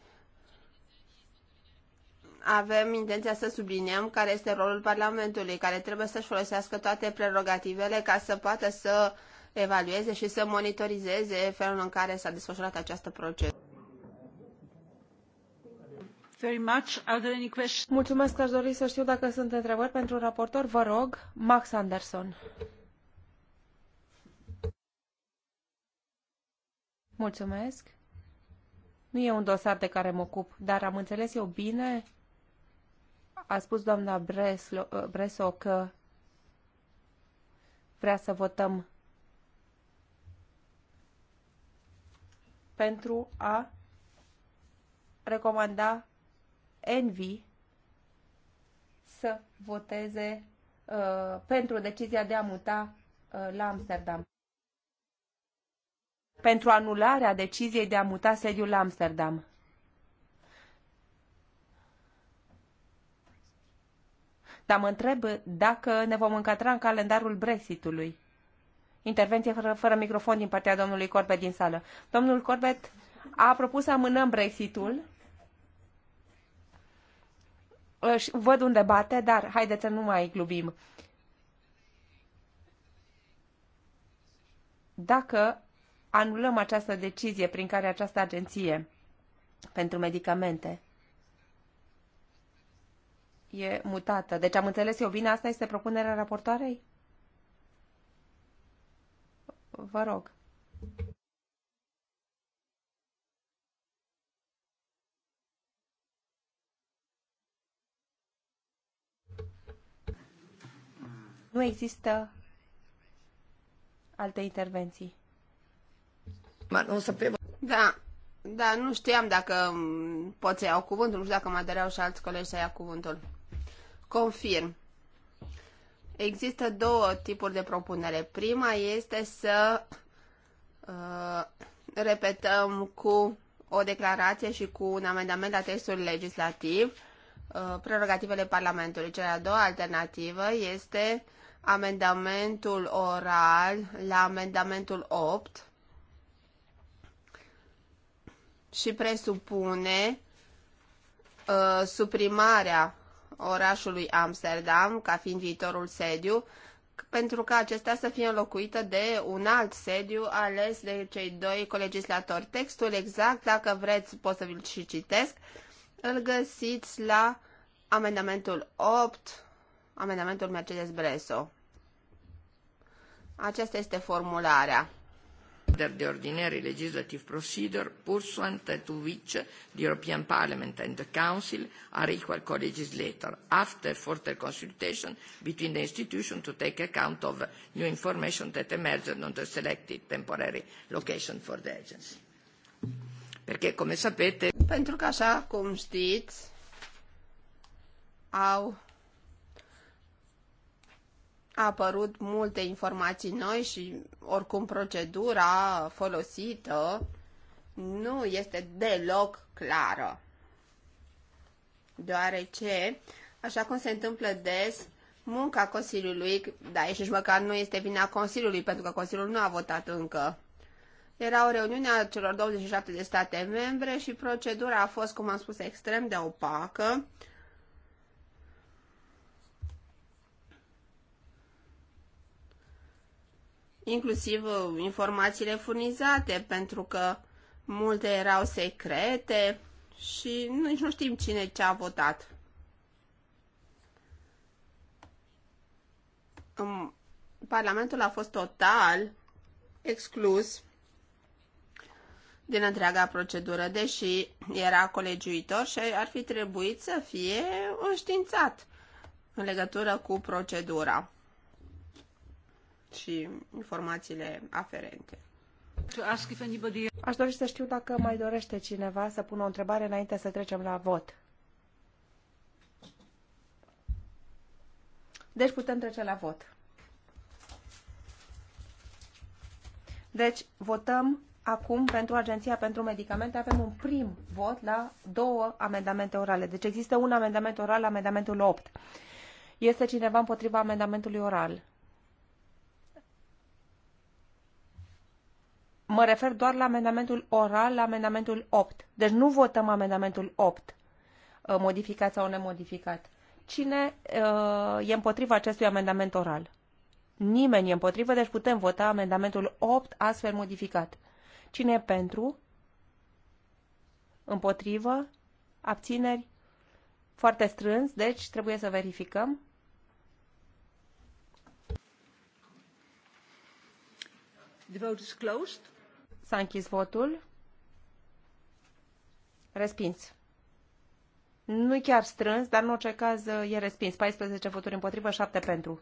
avem intenția să subliniem care este rolul Parlamentului, care trebuie să-și folosească toate prerogativele ca să poată să evalueze și să monitorizeze felul în care s-a desfășurat această procedură. Mulțumesc, aș dori să știu dacă sunt întrebări pentru raportor. Vă rog, Max Anderson. Mulțumesc. Nu e un dosar de care mă ocup, dar am înțeles eu bine? A spus doamna Breslo, uh, Breso că vrea să votăm pentru a recomanda Envy să voteze uh, pentru decizia de a muta uh, la Amsterdam pentru anularea deciziei de a muta sediul la Amsterdam. Dar mă întreb dacă ne vom încadra în calendarul Brexitului. Intervenție fără, fără microfon din partea domnului Corbet din sală. Domnul Corbet a propus să amânăm Brexitul. Văd un debate, dar haideți să nu mai glubim? Dacă anulăm această decizie prin care această agenție pentru medicamente e mutată. Deci am înțeles eu bine, asta este propunerea raportoarei? Vă rog. Nu există alte intervenții. Ma sapevo. Da, da, nu știam dacă mm, pot să iau cuvântul, nu știu dacă mă doreau și alți colegi să ia cuvântul. Confirm. Există două tipuri de propunere. Prima este să uh, repetăm cu o declarație și cu un amendament la textul legislativ uh, prerogativele Parlamentului. Cea a doua alternativă este amendamentul oral la amendamentul 8 și presupune uh, suprimarea orașului Amsterdam ca fiind viitorul sediu, pentru ca acesta să fie înlocuită de un alt sediu ales de cei doi colegislatori. Textul exact, dacă vreți, pot să vi-l și citesc, îl găsiți la amendamentul 8, amendamentul Mercedes Breso. Aceasta este formularea under the ordinary legislative procedure pursuant to which the European Parliament and the Council are equal co-legislator after further consultation between the institutions to take account of new information that emerged on the selected temporary location for the agency. Perché, come sapete... Pentru că, așa cum știți, au a apărut multe informații noi și oricum procedura folosită nu este deloc clară. Deoarece, așa cum se întâmplă des, munca Consiliului, da, și nici măcar nu este vina Consiliului, pentru că Consiliul nu a votat încă. Era o reuniune a celor 27 de state membre și procedura a fost, cum am spus, extrem de opacă inclusiv uh, informațiile furnizate, pentru că multe erau secrete și nici nu știm cine ce a votat. Parlamentul a fost total exclus din întreaga procedură, deși era colegiuitor și ar fi trebuit să fie înștiințat în legătură cu procedura și informațiile aferente. Aș dori să știu dacă mai dorește cineva să pună o întrebare înainte să trecem la vot. Deci putem trece la vot. Deci votăm acum pentru Agenția pentru Medicamente. Avem un prim vot la două amendamente orale. Deci există un amendament oral, amendamentul 8. Este cineva împotriva amendamentului oral? Mă refer doar la amendamentul oral, la amendamentul 8. Deci nu votăm amendamentul 8, uh, modificat sau nemodificat. Cine uh, e împotriva acestui amendament oral? Nimeni e împotrivă, deci putem vota amendamentul 8 astfel modificat. Cine e pentru? Împotrivă? Abțineri? Foarte strâns, deci trebuie să verificăm. The vote is closed. S-a închis votul. Respins. nu chiar strâns, dar în orice caz uh, e respins. 14 voturi împotrivă, 7 pentru.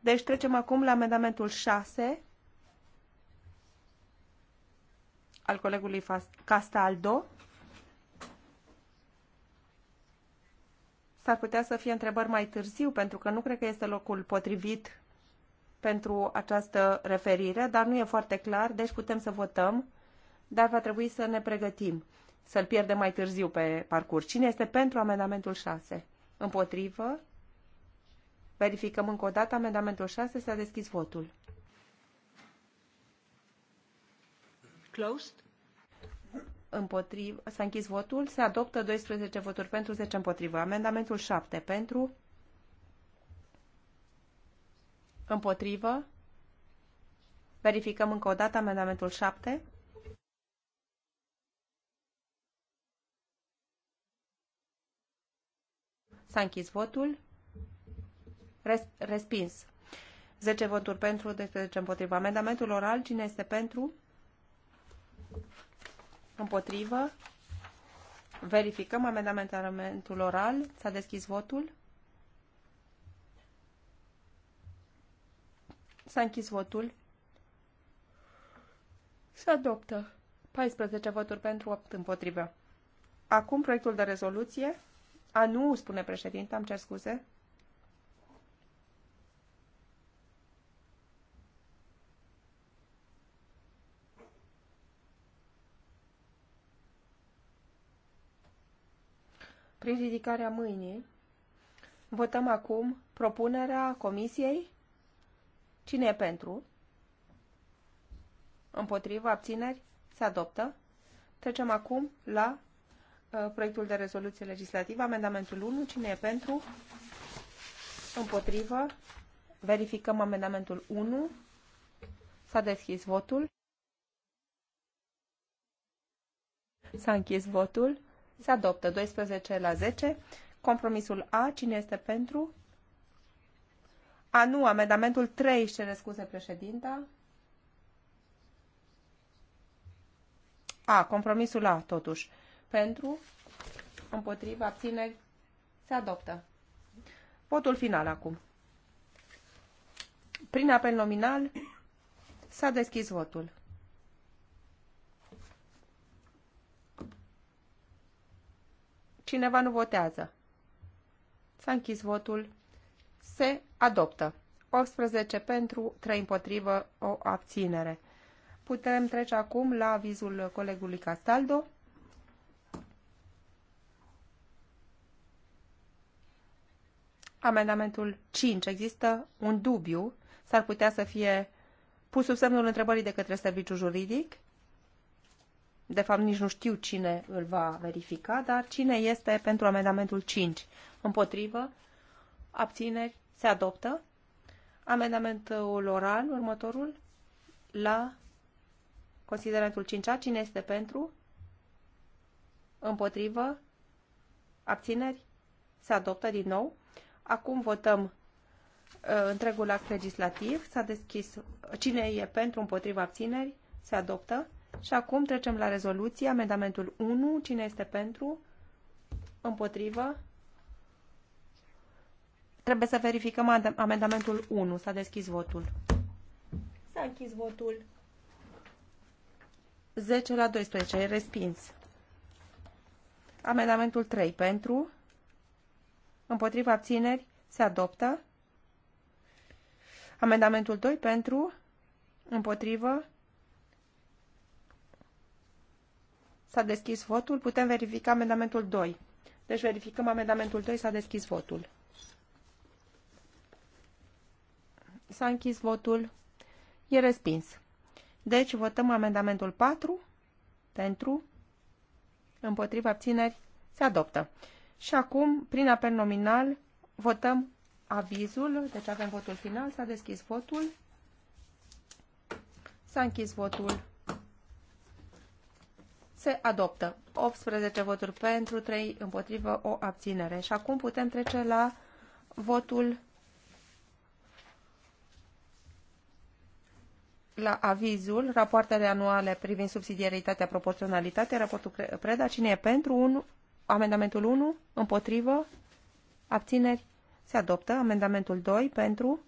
Deci trecem acum la amendamentul 6 al colegului Castaldo. S-ar putea să fie întrebări mai târziu, pentru că nu cred că este locul potrivit pentru această referire, dar nu e foarte clar, deci putem să votăm, dar va trebui să ne pregătim să-l pierdem mai târziu pe parcurs. Cine este pentru amendamentul 6? Împotrivă? Verificăm încă o dată amendamentul 6, s-a deschis votul. Closed. Împotrivă. S-a închis votul. Se adoptă 12 voturi pentru, 10 împotrivă. Amendamentul 7 pentru, Împotrivă. Verificăm încă o dată amendamentul 7. S-a închis votul. Res respins. 10 voturi pentru, 12 împotrivă. Amendamentul oral, cine este pentru? Împotrivă. Verificăm amendamentul oral. S-a deschis votul. S-a închis votul. Se adoptă. 14 voturi pentru, 8 împotrivă. Acum proiectul de rezoluție. A, nu, spune președinte, am cer scuze. Prin ridicarea mâinii, votăm acum propunerea Comisiei Cine e pentru? Împotrivă, abțineri, se adoptă. Trecem acum la uh, proiectul de rezoluție legislativă, amendamentul 1. Cine e pentru? Împotrivă. Verificăm amendamentul 1. S-a deschis votul. S-a închis votul. Se adoptă 12 la 10. Compromisul A. Cine este pentru? A, nu, amendamentul 3 își cere scuze președinta. A, compromisul A, totuși. Pentru, împotriva, abține, se adoptă. Votul final acum. Prin apel nominal s-a deschis votul. Cineva nu votează. S-a închis votul se adoptă. 18 pentru, 3 împotrivă, o abținere. Putem trece acum la avizul colegului Castaldo. Amendamentul 5. Există un dubiu. S-ar putea să fie pus sub semnul întrebării de către serviciu juridic. De fapt, nici nu știu cine îl va verifica, dar cine este pentru amendamentul 5? Împotrivă? abțineri, se adoptă. Amendamentul oral, următorul, la considerentul 5A, cine este pentru, împotrivă, abțineri, se adoptă din nou. Acum votăm uh, întregul act legislativ, s-a deschis cine e pentru, împotrivă, abțineri, se adoptă. Și acum trecem la rezoluție, amendamentul 1, cine este pentru, împotrivă, Trebuie să verificăm amendamentul 1. S-a deschis votul. S-a închis votul. 10 la 12. E respins. Amendamentul 3 pentru. Împotriva abțineri se adoptă. Amendamentul 2 pentru. Împotrivă. S-a deschis votul. Putem verifica amendamentul 2. Deci verificăm amendamentul 2. S-a deschis votul. S-a închis votul. E respins. Deci votăm amendamentul 4 pentru, împotriva abțineri, se adoptă. Și acum, prin apel nominal, votăm avizul, deci avem votul final, s-a deschis votul, s-a închis votul, se adoptă. 18 voturi pentru, 3 împotrivă, o abținere. Și acum putem trece la votul la avizul, rapoartele anuale privind subsidiaritatea, proporționalitatea, raportul PREDA, cine e pentru un, amendamentul 1, împotrivă, abțineri, se adoptă, amendamentul 2, pentru,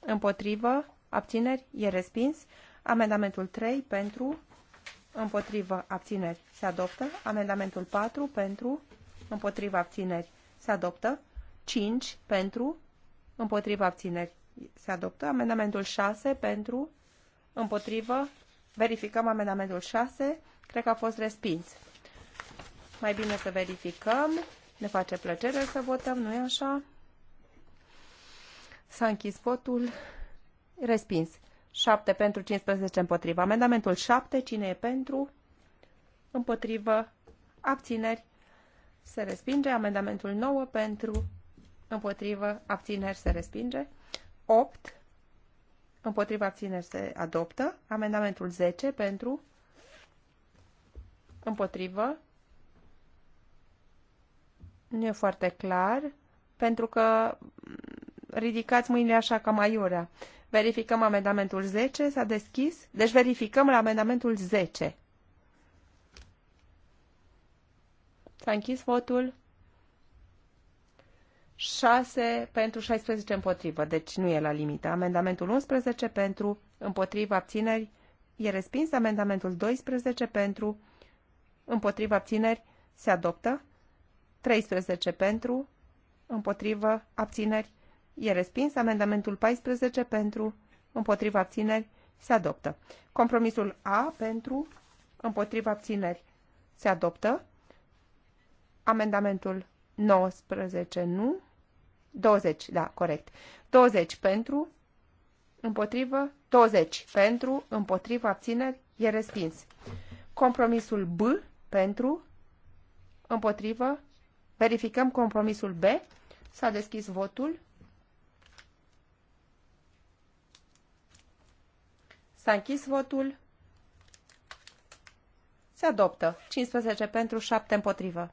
împotrivă, abțineri, e respins, amendamentul 3, pentru, împotrivă, abțineri, se adoptă, amendamentul 4, pentru, împotrivă, abțineri, se adoptă, 5, pentru, împotrivă, abțineri, se adoptă. Amendamentul 6 pentru, împotrivă. Verificăm amendamentul 6. Cred că a fost respins. Mai bine să verificăm. Ne face plăcere să votăm, nu-i așa? S-a închis votul. Respins. 7 pentru, 15 împotrivă. Amendamentul 7. Cine e pentru? Împotrivă. Abțineri. Se respinge. Amendamentul 9 pentru. Împotrivă. Abțineri. Se respinge. 8 împotriva abțineri se adoptă. Amendamentul 10 pentru împotrivă. Nu e foarte clar, pentru că ridicați mâinile așa ca maiurea. Verificăm amendamentul 10, s-a deschis. Deci verificăm la amendamentul 10. S-a închis votul. 6 pentru 16 împotrivă, deci nu e la limită. Amendamentul 11 pentru împotrivă abțineri e respins. Amendamentul 12 pentru împotrivă abțineri se adoptă. 13 pentru împotrivă abțineri e respins. Amendamentul 14 pentru împotrivă abțineri se adoptă. Compromisul A pentru împotrivă abțineri se adoptă. Amendamentul 19, nu. 20, da, corect. 20 pentru, împotrivă, 20 pentru, împotrivă, abțineri, e respins. Compromisul B pentru, împotrivă, verificăm compromisul B, s-a deschis votul, s-a închis votul, se adoptă, 15 pentru, 7 împotrivă.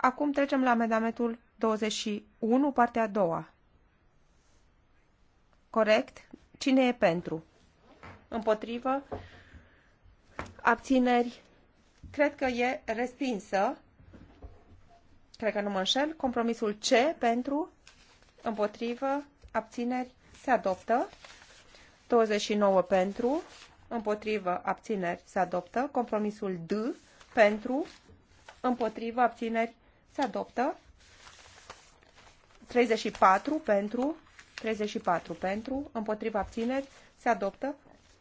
Acum trecem la amendamentul 21, partea a doua. Corect? Cine e pentru? Împotrivă? Abțineri? Cred că e respinsă. Cred că nu mă înșel. Compromisul C pentru? Împotrivă? Abțineri? Se adoptă. 29 pentru? Împotrivă? Abțineri? Se adoptă. Compromisul D pentru? Împotrivă? Abțineri? Se adoptă. 34 pentru, 34 pentru, împotriva abțineri, se adoptă.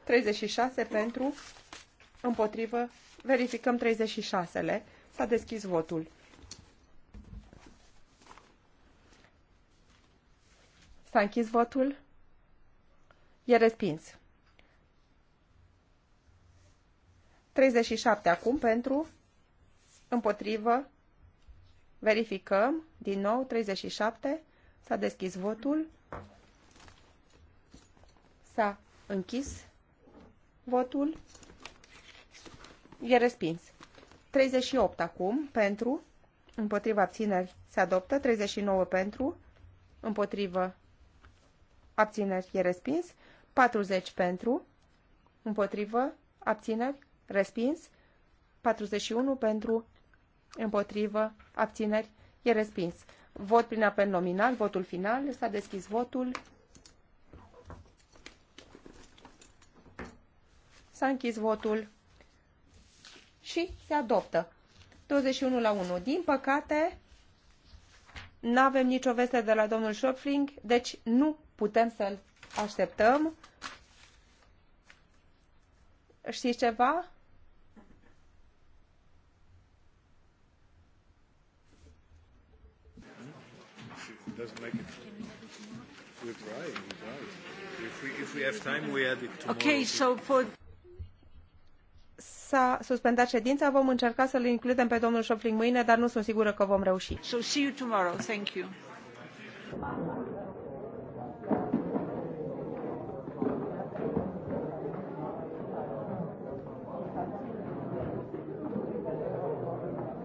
36 pentru, împotrivă, verificăm 36-le. S-a deschis votul. S-a închis votul. E respins. 37 acum pentru, împotrivă, Verificăm. Din nou, 37. S-a deschis votul. S-a închis votul. E respins. 38 acum pentru, împotriva abțineri se adoptă, 39 pentru, împotrivă abțineri e respins, 40 pentru, împotrivă abțineri respins, 41 pentru, împotrivă, abțineri, e respins. Vot prin apel nominal, votul final, s-a deschis votul. S-a închis votul și se adoptă. 21 la 1. Din păcate, nu avem nicio veste de la domnul Schöpfling, deci nu putem să-l așteptăm. Știți ceva? doesn't make it. We're trying, we're trying. If we, if we have time, we add it tomorrow. Okay, so for... S-a suspendat ședința, vom încerca să-l includem pe domnul Șofling mâine, dar nu sunt sigură că vom reuși. So see you tomorrow. Thank you.